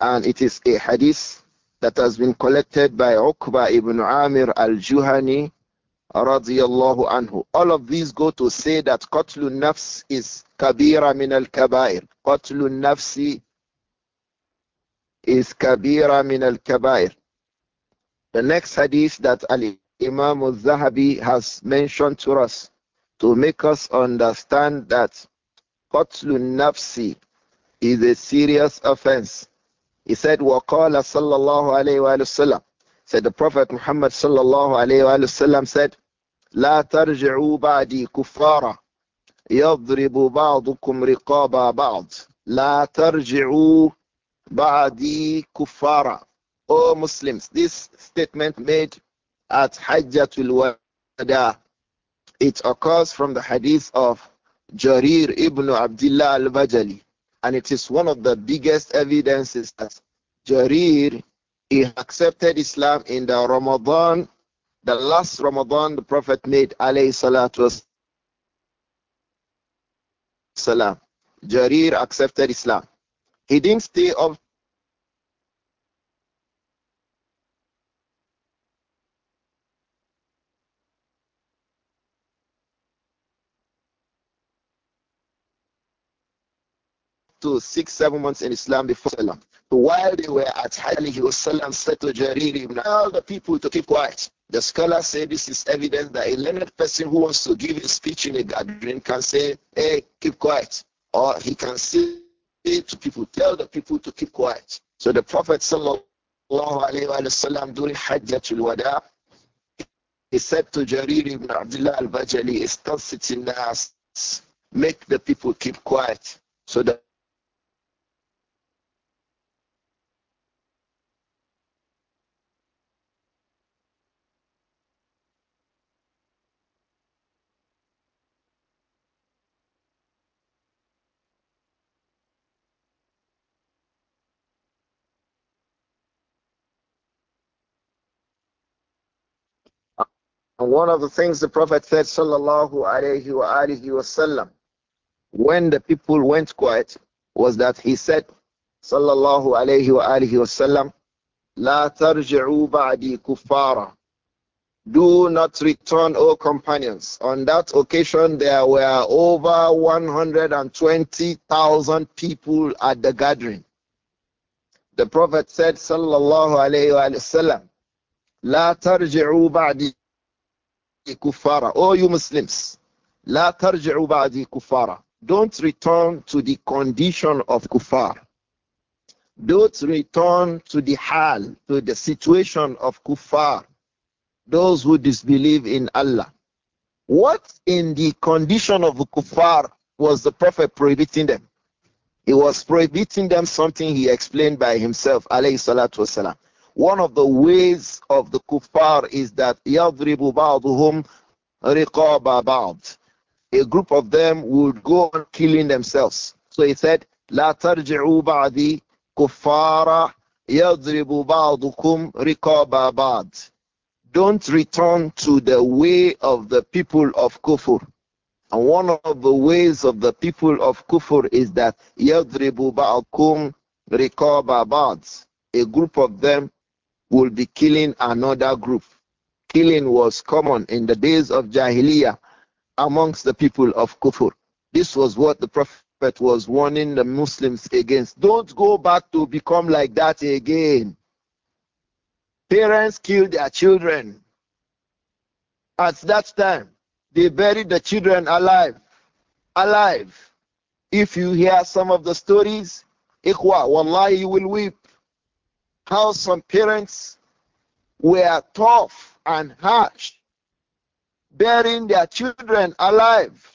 and it is a hadith that has been collected by Uqba ibn Amir al Juhani radiallahu anhu. All of these go to say that qatlun nafs is kabira min al-kabair. Qatlun nafsi is kabira min al-kabair. The next hadith that Ali Imam al-Zahabi has mentioned to us to make us understand that qatlun nafsi is a serious offense. He said, وَقَالَ صَلَّى اللَّهُ عَلَيْهِ وَآلِهِ وَسَلَّمَ Said the Prophet Muhammad sallallahu alayhi wa sallam said, لا ترجعوا بعدي كفارا يضرب بعضكم رقاب بعض لا ترجعوا بعدي كفارا Oh Muslims, this statement made at Hajjatul Wada, it occurs from the hadith of Jarir ibn Abdullah al-Bajali and it is one of the biggest evidences that Jarir he accepted Islam in the Ramadan the last Ramadan the Prophet made, alayhi salatu salam. Jarir accepted Islam. He didn't stay up to six, seven months in Islam before Islam. while they were at Hajj, he was said to Jarir ibn all the people to keep quiet. The scholars say this is evidence that a learned person who wants to give a speech in a gathering can say, hey, keep quiet. Or he can say to people, tell the people to keep quiet. So the Prophet sallallahu alayhi wa during Hajjatul Wada, he said to Jarir ibn Abdullah al-Bajali, make the people keep quiet. So the one of the things the Prophet said, Sallallahu Alaihi wa Wasallam, when the people went quiet, was that he said, Sallallahu Alaihi wa Wasallam, La tarji'u ba'di kuffara. Do not return, O companions. On that occasion, there were over 120,000 people at the gathering. The Prophet said, Sallallahu Alaihi Wasallam, La tarji'u ba'di kuffara. Oh, you Muslims, لا ترجعوا ba'di kuffara. Don't return to the condition of kuffar. Don't return to the hal, to the situation of kuffar, those who disbelieve in Allah. What in the condition of the kuffar was the Prophet prohibiting them? He was prohibiting them something he explained by himself, alayhi salatu wasalam. One of the ways of the kuffar is that يَضْرِبُ بَعْضُهُمْ رِقَابَ بَعْضٍ A group of them would go on killing themselves. So he said, لَا تَرْجِعُوا بَعْدِي كُفَّارًا يَضْرِبُ بَعْضُكُمْ رِقَابَ بَعْضٍ Don't return to the way of the people of kufur. And one of the ways of the people of Kufur is that يَضْرِبُ بَعْضُكُمْ رِقَابَ بَعْضٍ A group of them will be killing another group. Killing was common in the days of Jahiliyyah amongst the people of Kufur. This was what the Prophet was warning the Muslims against. Don't go back to become like that again. Parents killed their children. At that time, they buried the children alive. Alive. If you hear some of the stories, Ikhwa, wallahi, you will weep how some parents were tough and harsh, burying their children alive.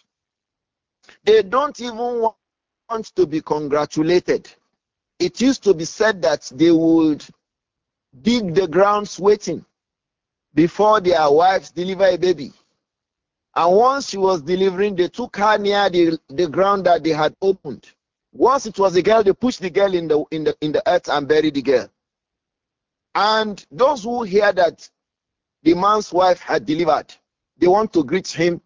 They don't even want to be congratulated. It used to be said that they would dig the grounds waiting before their wives deliver a baby. And once she was delivering, they took her near the, the ground that they had opened. Once it was a girl, they pushed the girl in the in the in the earth and buried the girl. And those who hear that the man's wife had delivered, they want to greet him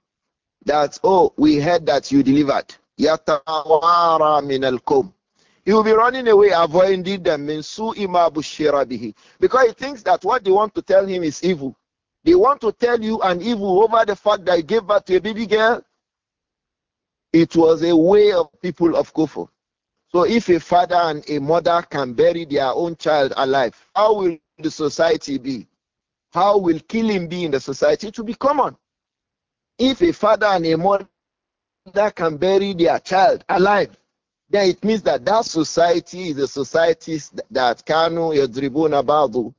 that, oh, we heard that you delivered. Yatawara min al He will be running away, avoiding them, Because he thinks that what they want to tell him is evil. They want to tell you an evil over the fact that he gave birth to a baby girl. It was a way of people of Kufur. So if a father and a mother can bury their own child alive, how will the society be? How will killing be in the society? to be common. If a father and a mother can bury their child alive, then it means that that society is a society that Kanu Yadribuna Badu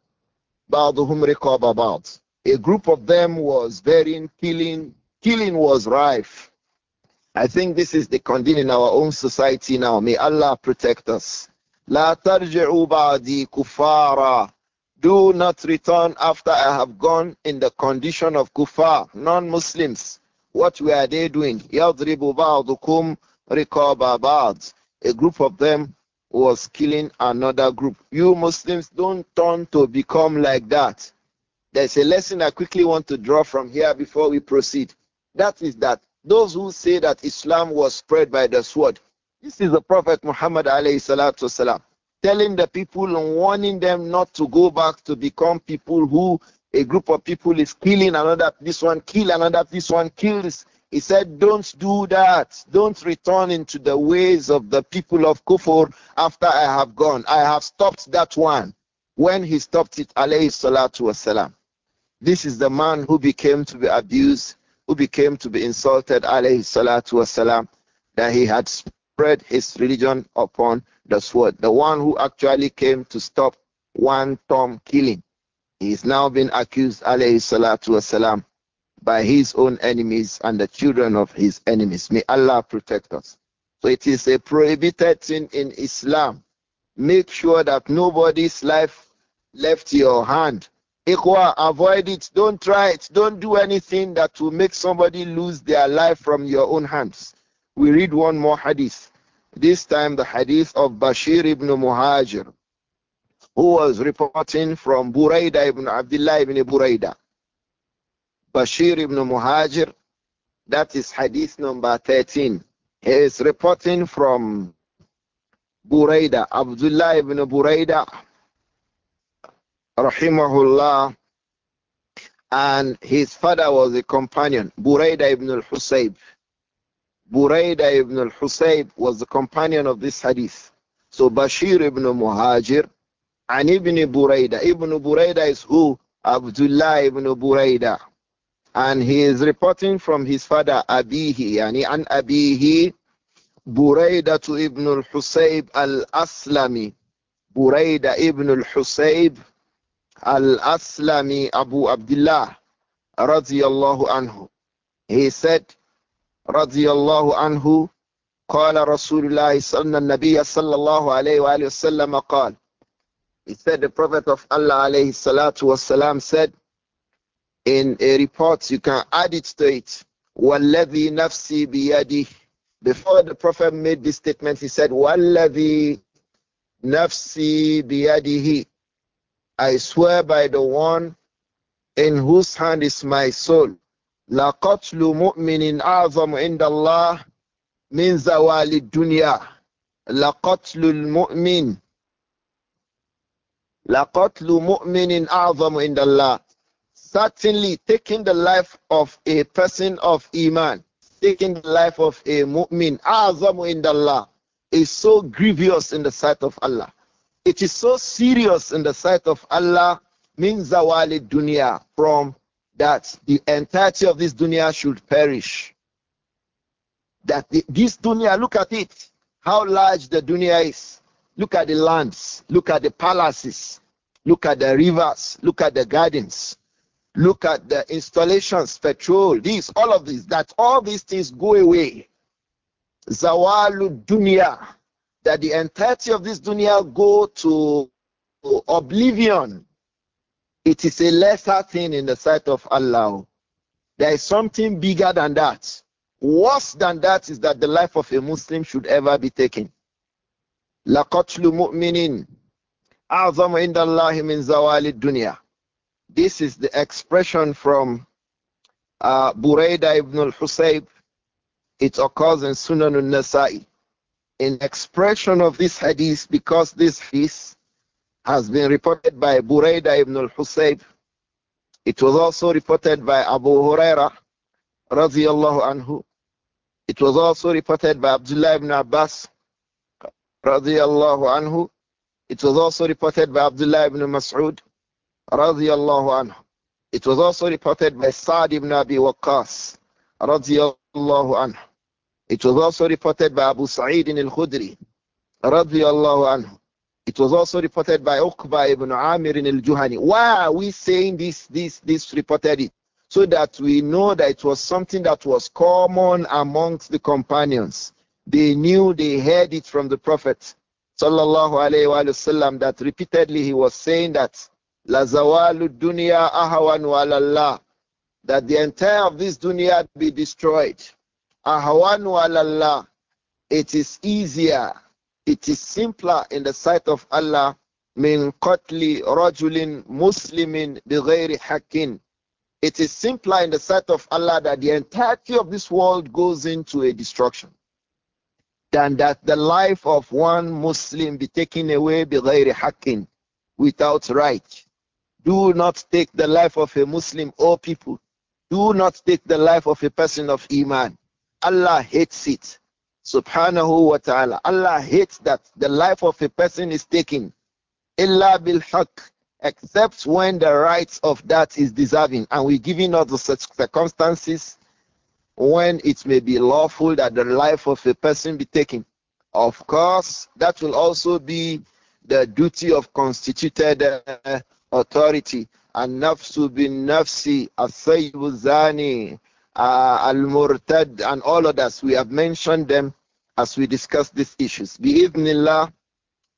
Baduhum Rekob about. A group of them was burying, killing, killing was rife I think this is the condition in our own society now. May Allah protect us. La tarji'u ba'di kuffara. Do not return after I have gone in the condition of kuffar, non-Muslims. What were they doing? Yadribu ba'dukum riqaba ba A group of them was killing another group. You Muslims don't turn to become like that. There's a lesson I quickly want to draw from here before we proceed. That is that those who say that Islam was spread by the sword. This is the Prophet Muhammad والسلام, telling the people and warning them not to go back to become people who a group of people is killing another, this one kill another, this one kills. He said, Don't do that. Don't return into the ways of the people of Kufur after I have gone. I have stopped that one. When he stopped it, alayhi salatu wasalam. This is the man who became to be abused who became to be insulted, alayhi salatu wasalam, that he had spread his religion upon the sword. The one who actually came to stop one Tom killing. He is now being accused, alayhi salatu wasalam, by his own enemies and the children of his enemies. May Allah protect us. So it is a prohibited thing in Islam. Make sure that nobody's life left your hand avoid it. Don't try it. Don't do anything that will make somebody lose their life from your own hands. We read one more hadith. This time the hadith of Bashir ibn Muhajir, who was reporting from Buraida ibn Abdullah ibn Buraida. Bashir ibn Muhajir, that is hadith number 13. He is reporting from Buraida, Abdullah ibn Buraida, rahimahullah, and his father was a companion, Buraida ibn al-Husayb. Buraida ibn al-Husayb was the companion of this hadith. So Bashir ibn Muhajir and Ibn Buraida. Ibn Buraida is who? Abdullah ibn Buraida. And he is reporting from his father Abihi, yani an Abihi, Buraida to Ibn al-Husayb al-Aslami. Buraida ibn al-Husayb Al-Aslami Abu Abdullah radiyallahu anhu. He said, radiyallahu anhu, قال رسول sallallahu صلى النبي صلى الله عليه He said, the Prophet of Allah عليه الصلاة والسلام said, in a report, you can add it to it. وَالَّذِي نَفْسِي بِيَدِهِ Before the Prophet made this statement, he said, وَالَّذِي نَفْسِي بِيَدِهِ I swear by the one in whose hand is my soul. لَقَتْلُ mu'minin azam عِنْدَ اللَّهِ مِنْ زَوَالِ الدُّنْيَا لَقَتْلُ الْمُؤْمِنِ لَقَتْلُ مُؤْمِنٍ أَعْظَمُ Certainly, taking the life of a person of Iman, taking the life of a mu'min, azam عِنْدَ اللَّهِ is so grievous in the sight of Allah. It is so serious in the sight of Allah, min zawali dunya, from that the entirety of this dunya should perish. That the, this dunya, look at it, how large the dunya is. Look at the lands, look at the palaces, look at the rivers, look at the gardens, look at the installations, petrol, these, all of these, that all these things go away. Zawalu dunya that the entirety of this dunya go to, oblivion. It is a lesser thing in the sight of Allah. There is something bigger than that. Worse than that is that the life of a Muslim should ever be taken. لَقَتْلُ مُؤْمِنٍ أَعْظَمُ عِنْدَ اللَّهِ مِنْ زَوَالِ الدُّنْيَا This is the expression from uh, Buraidah ibn al-Husayb. It occurs in Sunan al-Nasa'i in expression of this hadith because this hadith has been reported by Buraidah ibn al-Husayb. It was also reported by Abu Huraira radiyallahu anhu. It was also reported by Abdullah ibn Abbas radiyallahu anhu. It was also reported by Abdullah ibn Mas'ud radiyallahu anhu. It was also reported by Sa'd ibn Abi Wakas, radiyallahu anhu. It was also reported by Abu Sa'id in al-Khudri, radiyallahu anhu. It was also reported by Uqba ibn Amir in al-Juhani. Why are we saying this, this, this reported it? So that we know that it was something that was common amongst the companions. They knew, they heard it from the Prophet sallallahu alayhi wa sallam that repeatedly he was saying that La zawalu dunya ahawan walallah that the entire of this dunya be destroyed ahwanu Allah. It is easier, it is simpler in the sight of Allah min qatli rajulin muslimin bighayri hakin. It is simpler in the sight of Allah that the entirety of this world goes into a destruction than that the life of one Muslim be taken away bighayri hakin without right. Do not take the life of a Muslim, O people. Do not take the life of a person of Iman. Allah hates it. Subhanahu wa ta'ala. Allah hates that the life of a person is taken. Illa bil bil-haq, Except when the rights of that is deserving. And we're giving us the circumstances when it may be lawful that the life of a person be taken. Of course, that will also be the duty of constituted uh, authority. And nafsu bin nafsi, asaybu zani, uh, Al-Murtad, and all others. We have mentioned them as we discuss these issues. Bi'idhnillah,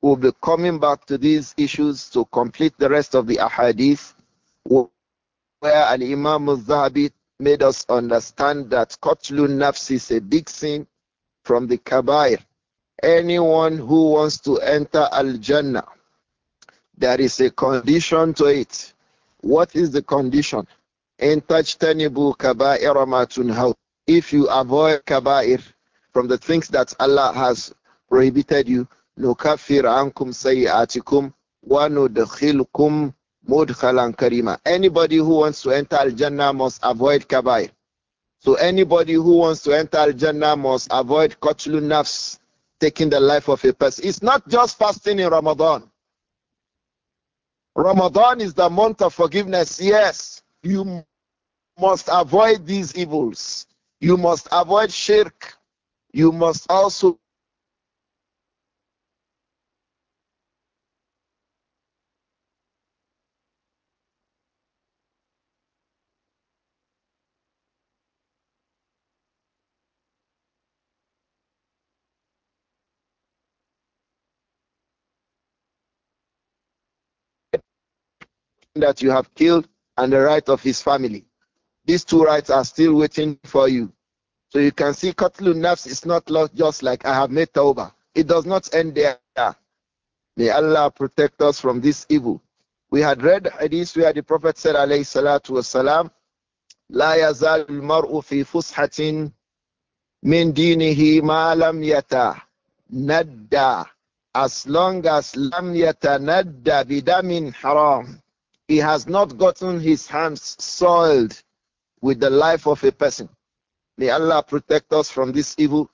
we'll be coming back to these issues to complete the rest of the ahadith, where Al-Imam al-Zahabi made us understand that Qatlun Nafs is a big sin from the Kabair. Anyone who wants to enter Al-Jannah, there is a condition to it. What is the condition? In tajtanibu kaba'ira ma tunhaw. If you avoid kaba'ir from the things that Allah has prohibited you, nukaffir ankum sayyatikum wa nudkhilukum mudkhalan karima. Anybody who wants to enter al-Jannah must avoid kaba'ir. So anybody who wants to enter al-Jannah must avoid cutting nafs, taking the life of a person. It's not just fasting in Ramadan. Ramadan is the month of forgiveness. Yes, you must avoid these evils. You must avoid shirk. You must also that you have killed and the right of his family. These two rights are still waiting for you. So you can see Qatlun Nafs is not just like I have made Tawbah. It does not end there. May Allah protect us from this evil. We had read hadith where the Prophet said, alayhi salatu wasalam, لا يزال المرء في فسحة من دينه ما لم يتندى as long as lam yatanadda bidamin haram he has not gotten his hands soiled with the life of a person. May Allah protect us from this evil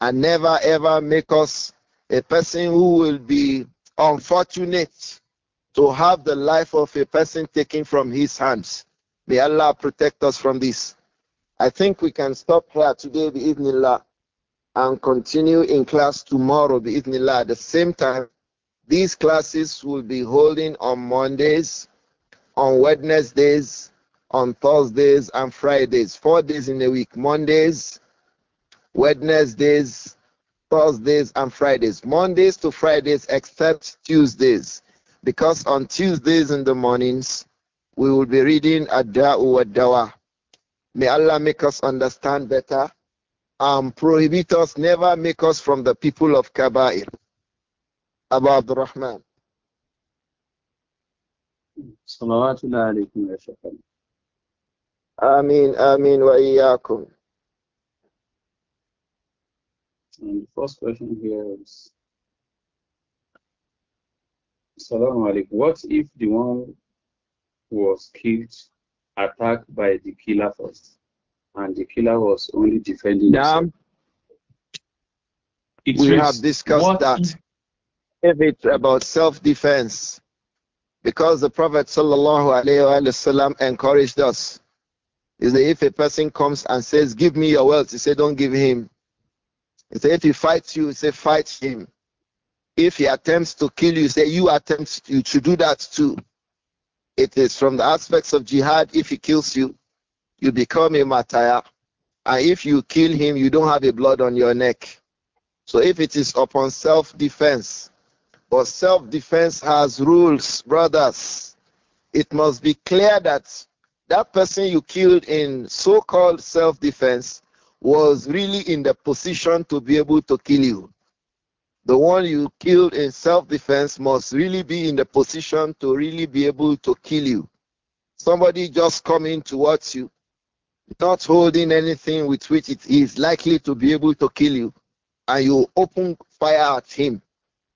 and never ever make us a person who will be unfortunate to have the life of a person taken from his hands. May Allah protect us from this. I think we can stop here today, bi'idhnillah, and continue in class tomorrow, bi'idhnillah. At the same time, these classes will be holding on Mondays, on Wednesdays, on Thursdays and Fridays, four days in a week, Mondays, Wednesdays, Thursdays, and Fridays. Mondays to Fridays, except Tuesdays, because on Tuesdays in the mornings, we will be reading Adda'u wa Dawa. May Allah make us understand better and prohibit us, never make us from the people of Kaba'ir. Abu Abdurrahman. صلوات الله wa يا Amin, Amin wa iyaakum. And the first question here is "Salam alaikum. What if the one who was killed attacked by the killer first and the killer was only defending himself? It we have discussed that if it's about self-defense because the prophet sallallahu alaihi wasallam encouraged us he said, if a person comes and says, Give me your wealth, he said, Don't give him. He said, If he fights you, he said, Fight him. If he attempts to kill you, say, You attempt you to do that too. It is from the aspects of jihad, if he kills you, you become a martyr. And if you kill him, you don't have a blood on your neck. So if it is upon self defense, but self defense has rules, brothers, it must be clear that that person you killed in so called self defense was really in the position to be able to kill you. The one you killed in self defense must really be in the position to really be able to kill you. Somebody just coming towards you, not holding anything with which it is likely to be able to kill you, and you open fire at him.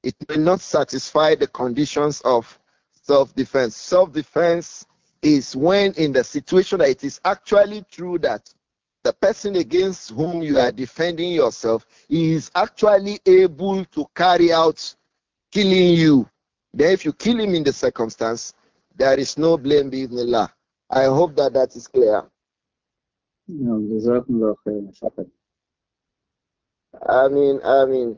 It may not satisfy the conditions of self defense. Self defense is when in the situation that it is actually true that the person against whom you are defending yourself is actually able to carry out killing you. Then, if you kill him in the circumstance, there is no blame, Allah. I hope that that is clear. I mean, I mean.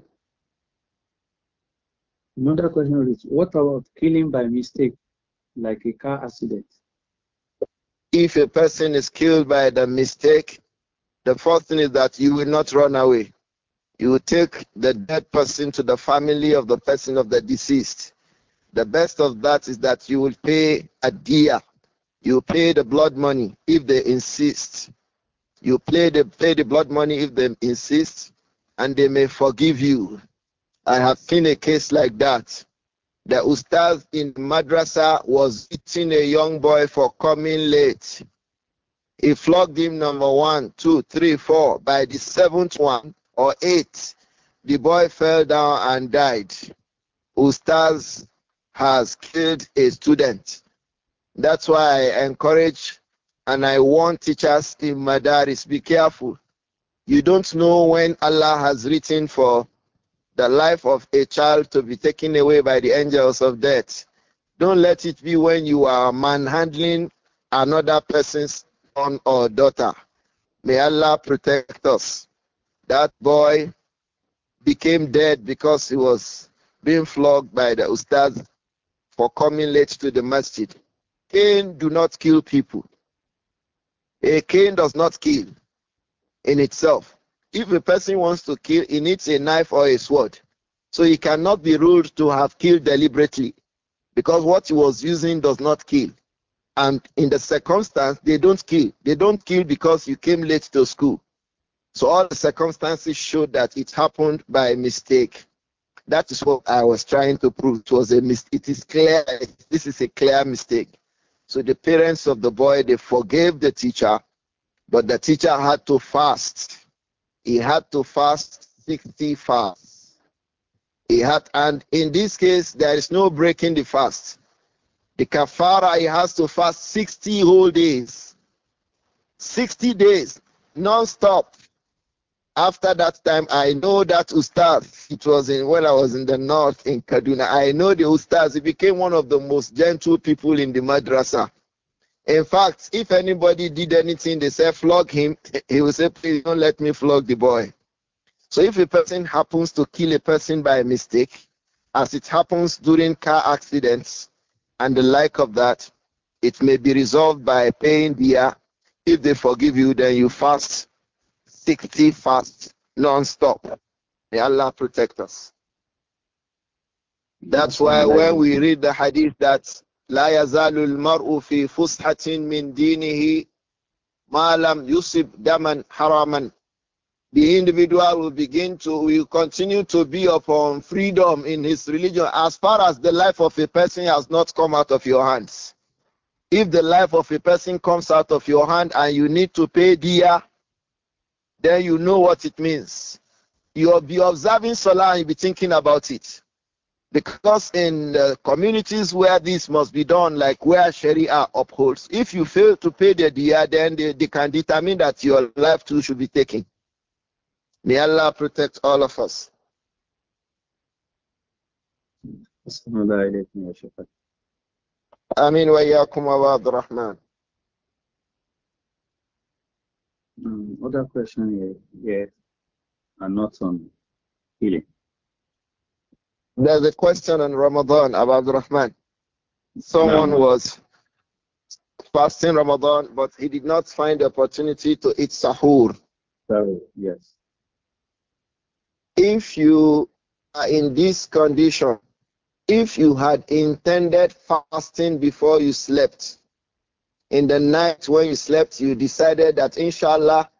Another question is what about killing by mistake, like a car accident? If a person is killed by the mistake, the fourth thing is that you will not run away. You will take the dead person to the family of the person of the deceased. The best of that is that you will pay a dia. You pay the blood money if they insist. You pay the, pay the blood money if they insist, and they may forgive you. I have seen a case like that. The ustaz in madrasa was beating a young boy for coming late. He flogged him number one, two, three, four. By the seventh one or eight, the boy fell down and died. Ustaz has killed a student. That's why I encourage and I warn teachers in Madaris be careful. You don't know when Allah has written for the life of a child to be taken away by the angels of death. Don't let it be when you are manhandling another person's son or daughter. May Allah protect us. That boy became dead because he was being flogged by the ustaz for coming late to the masjid. Cain do not kill people. A cane does not kill in itself. If a person wants to kill, he needs a knife or a sword. So he cannot be ruled to have killed deliberately because what he was using does not kill. And in the circumstance, they don't kill. They don't kill because you came late to school. So all the circumstances show that it happened by mistake. That is what I was trying to prove. It was a mis- It is clear. This is a clear mistake. So the parents of the boy they forgave the teacher, but the teacher had to fast he had to fast 60 fasts. He had, and in this case, there is no breaking the fast. The kafara, he has to fast 60 whole days. 60 days, non-stop. After that time, I know that Ustaz, it was in when I was in the north in Kaduna, I know the Ustaz, he became one of the most gentle people in the madrasa in fact, if anybody did anything, they say flog him, he will say, please don't let me flog the boy. So if a person happens to kill a person by mistake, as it happens during car accidents and the like of that, it may be resolved by paying dia. If they forgive you, then you fast 60 fast, non-stop. May Allah protect us. That's why when we read the hadith that لا يزال المرء في فسحة من دينه ما لم يصب دما حراما the individual will begin to will continue to be upon freedom in his religion as far as the life of a person has not come out of your hands. If the life of a person comes out of your hand and you need to pay dia, then you know what it means. You'll be observing Salah and you'll be thinking about it. Because in communities where this must be done, like where Sharia upholds, if you fail to pay the diya, then they, they can determine that your life too should be taken. May Allah protect all of us. آمين Wa وعبد الرحمن. Um, other question, here, yeah, and not on healing. There's a question on Ramadan about Rahman. Someone no. was fasting Ramadan, but he did not find the opportunity to eat sahur. So, yes. If you are in this condition, if you had intended fasting before you slept, in the night when you slept, you decided that inshallah,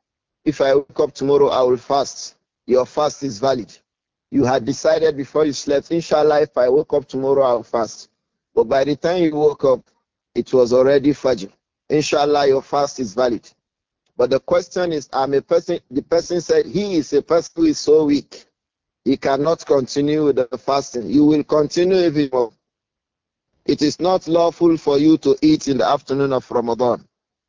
if I wake up tomorrow, I will fast. Your fast is valid. You had decided before you slept, inshallah, if I woke up tomorrow, I'll fast. But by the time you woke up, it was already Fajr. Inshallah, your fast is valid. But the question is, I'm a person, the person said, he is a person who is so weak. He cannot continue with the fasting. You will continue if you It is not lawful for you to eat in the afternoon of Ramadan.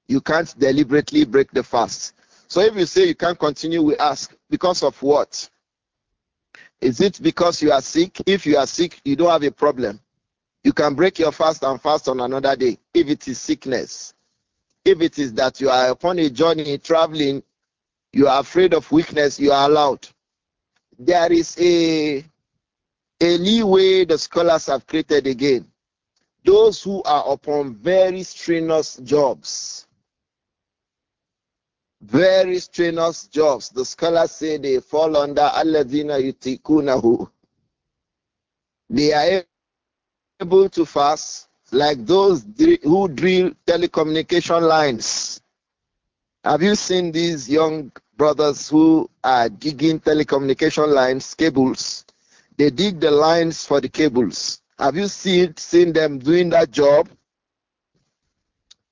You can't deliberately break the fast. So if you say you can't continue, we ask, because of what? Is it because you are sick? If you are sick, you don't have a problem. You can break your fast and fast on another day if it is sickness. If it is that you are upon a journey traveling, you are afraid of weakness, you are allowed. There is a, a leeway the scholars have created again. Those who are upon very strenuous jobs, very strenuous jobs. The scholars say they fall under utikuna Yutikunahu. They are able to fast like those who drill telecommunication lines. Have you seen these young brothers who are digging telecommunication lines, cables? They dig the lines for the cables. Have you seen, seen them doing that job?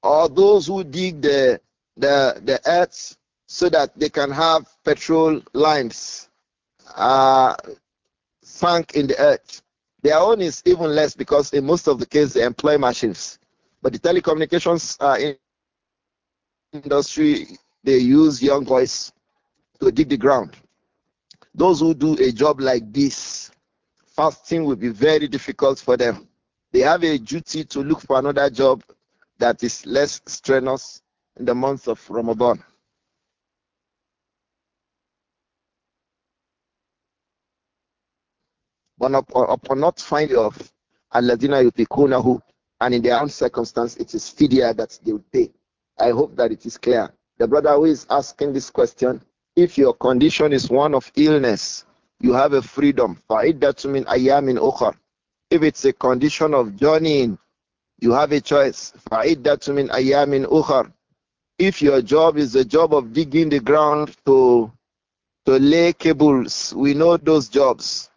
Or those who dig the the, the earth so that they can have petrol lines uh, sunk in the earth. Their own is even less because in most of the cases they employ machines. But the telecommunications uh, industry, they use young boys to dig the ground. Those who do a job like this, fasting will be very difficult for them. They have a duty to look for another job that is less strenuous in the month of Ramadan. But upon not finding of Alladina Yutikunahu, and in their own circumstance, it is fidya that they will pay. I hope that it is clear. The brother who is asking this question, if your condition is one of illness, you have a freedom. I am in أُخَرٍ If it's a condition of journeying, you have a choice. I am in أُخَرٍ if your job is the job of digging the ground to to lay cables, we know those jobs.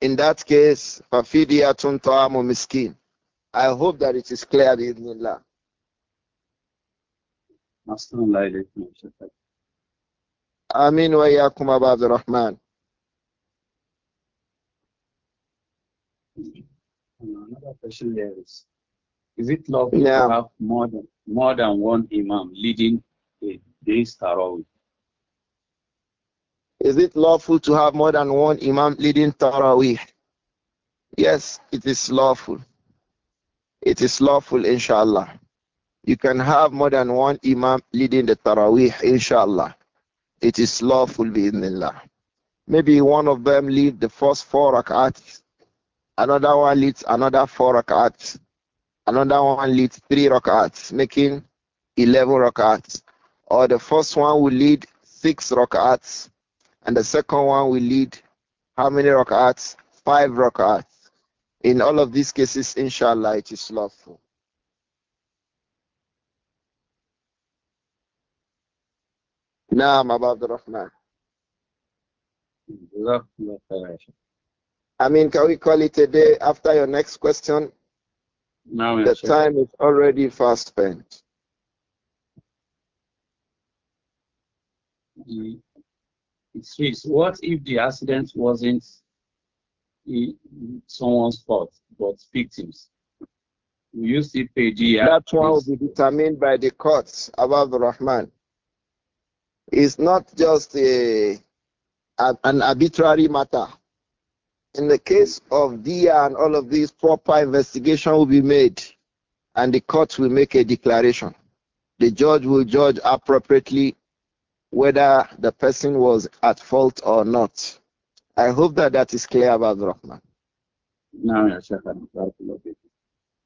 In that case, fafidiyatun ta'amu miskin. I hope that it is clear, bi'idhnillah. آمين وإياكم أبا عبد الرحمن Another question there is is it lawful yeah. to have more than, more than one imam leading a day's tarawih? Is it lawful to have more than one imam leading tarawih? Yes, it is lawful. It is lawful, inshallah. You can have more than one imam leading the tarawih, inshallah. It is lawful, bi'idhnillah. Maybe one of them lead the first four rak'at, another one leads another four rak'at, Another one leads three rak'ats, making 11 rak'ats. Or the first one will lead six rak'ats, and the second one will lead how many rak'ats? Five rak'ats. In all of these cases, inshallah, it is lawful. نعم أبا عبد الرحمن I mean, can we call it a day after your next question? Now the time is already far spent. Mm. It reads, what if the accident wasn't someone's fault, but victims? Will you see, pay That one will be determined by the courts, above Rahman. It's not just a, an arbitrary matter in the case of DIA and all of these, proper investigation will be made and the court will make a declaration. The judge will judge appropriately whether the person was at fault or not. I hope that that is clear, Rahman. No, yes, sir.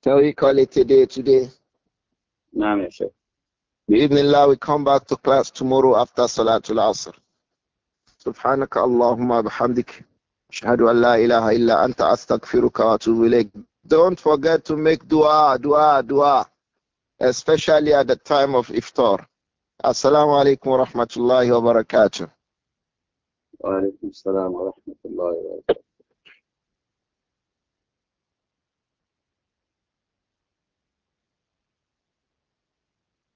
Shall we call it a day today? No, yes, sir. Bismillah, we come back to class tomorrow after Salatul Asr. Subhanaka Allahumma وبحمدك ilaha illa anta astaghfiruka wa atubu Don't forget to make dua, dua, dua, especially at the time of iftar. Assalamu alaikum wa rahmatullahi wa barakatuh.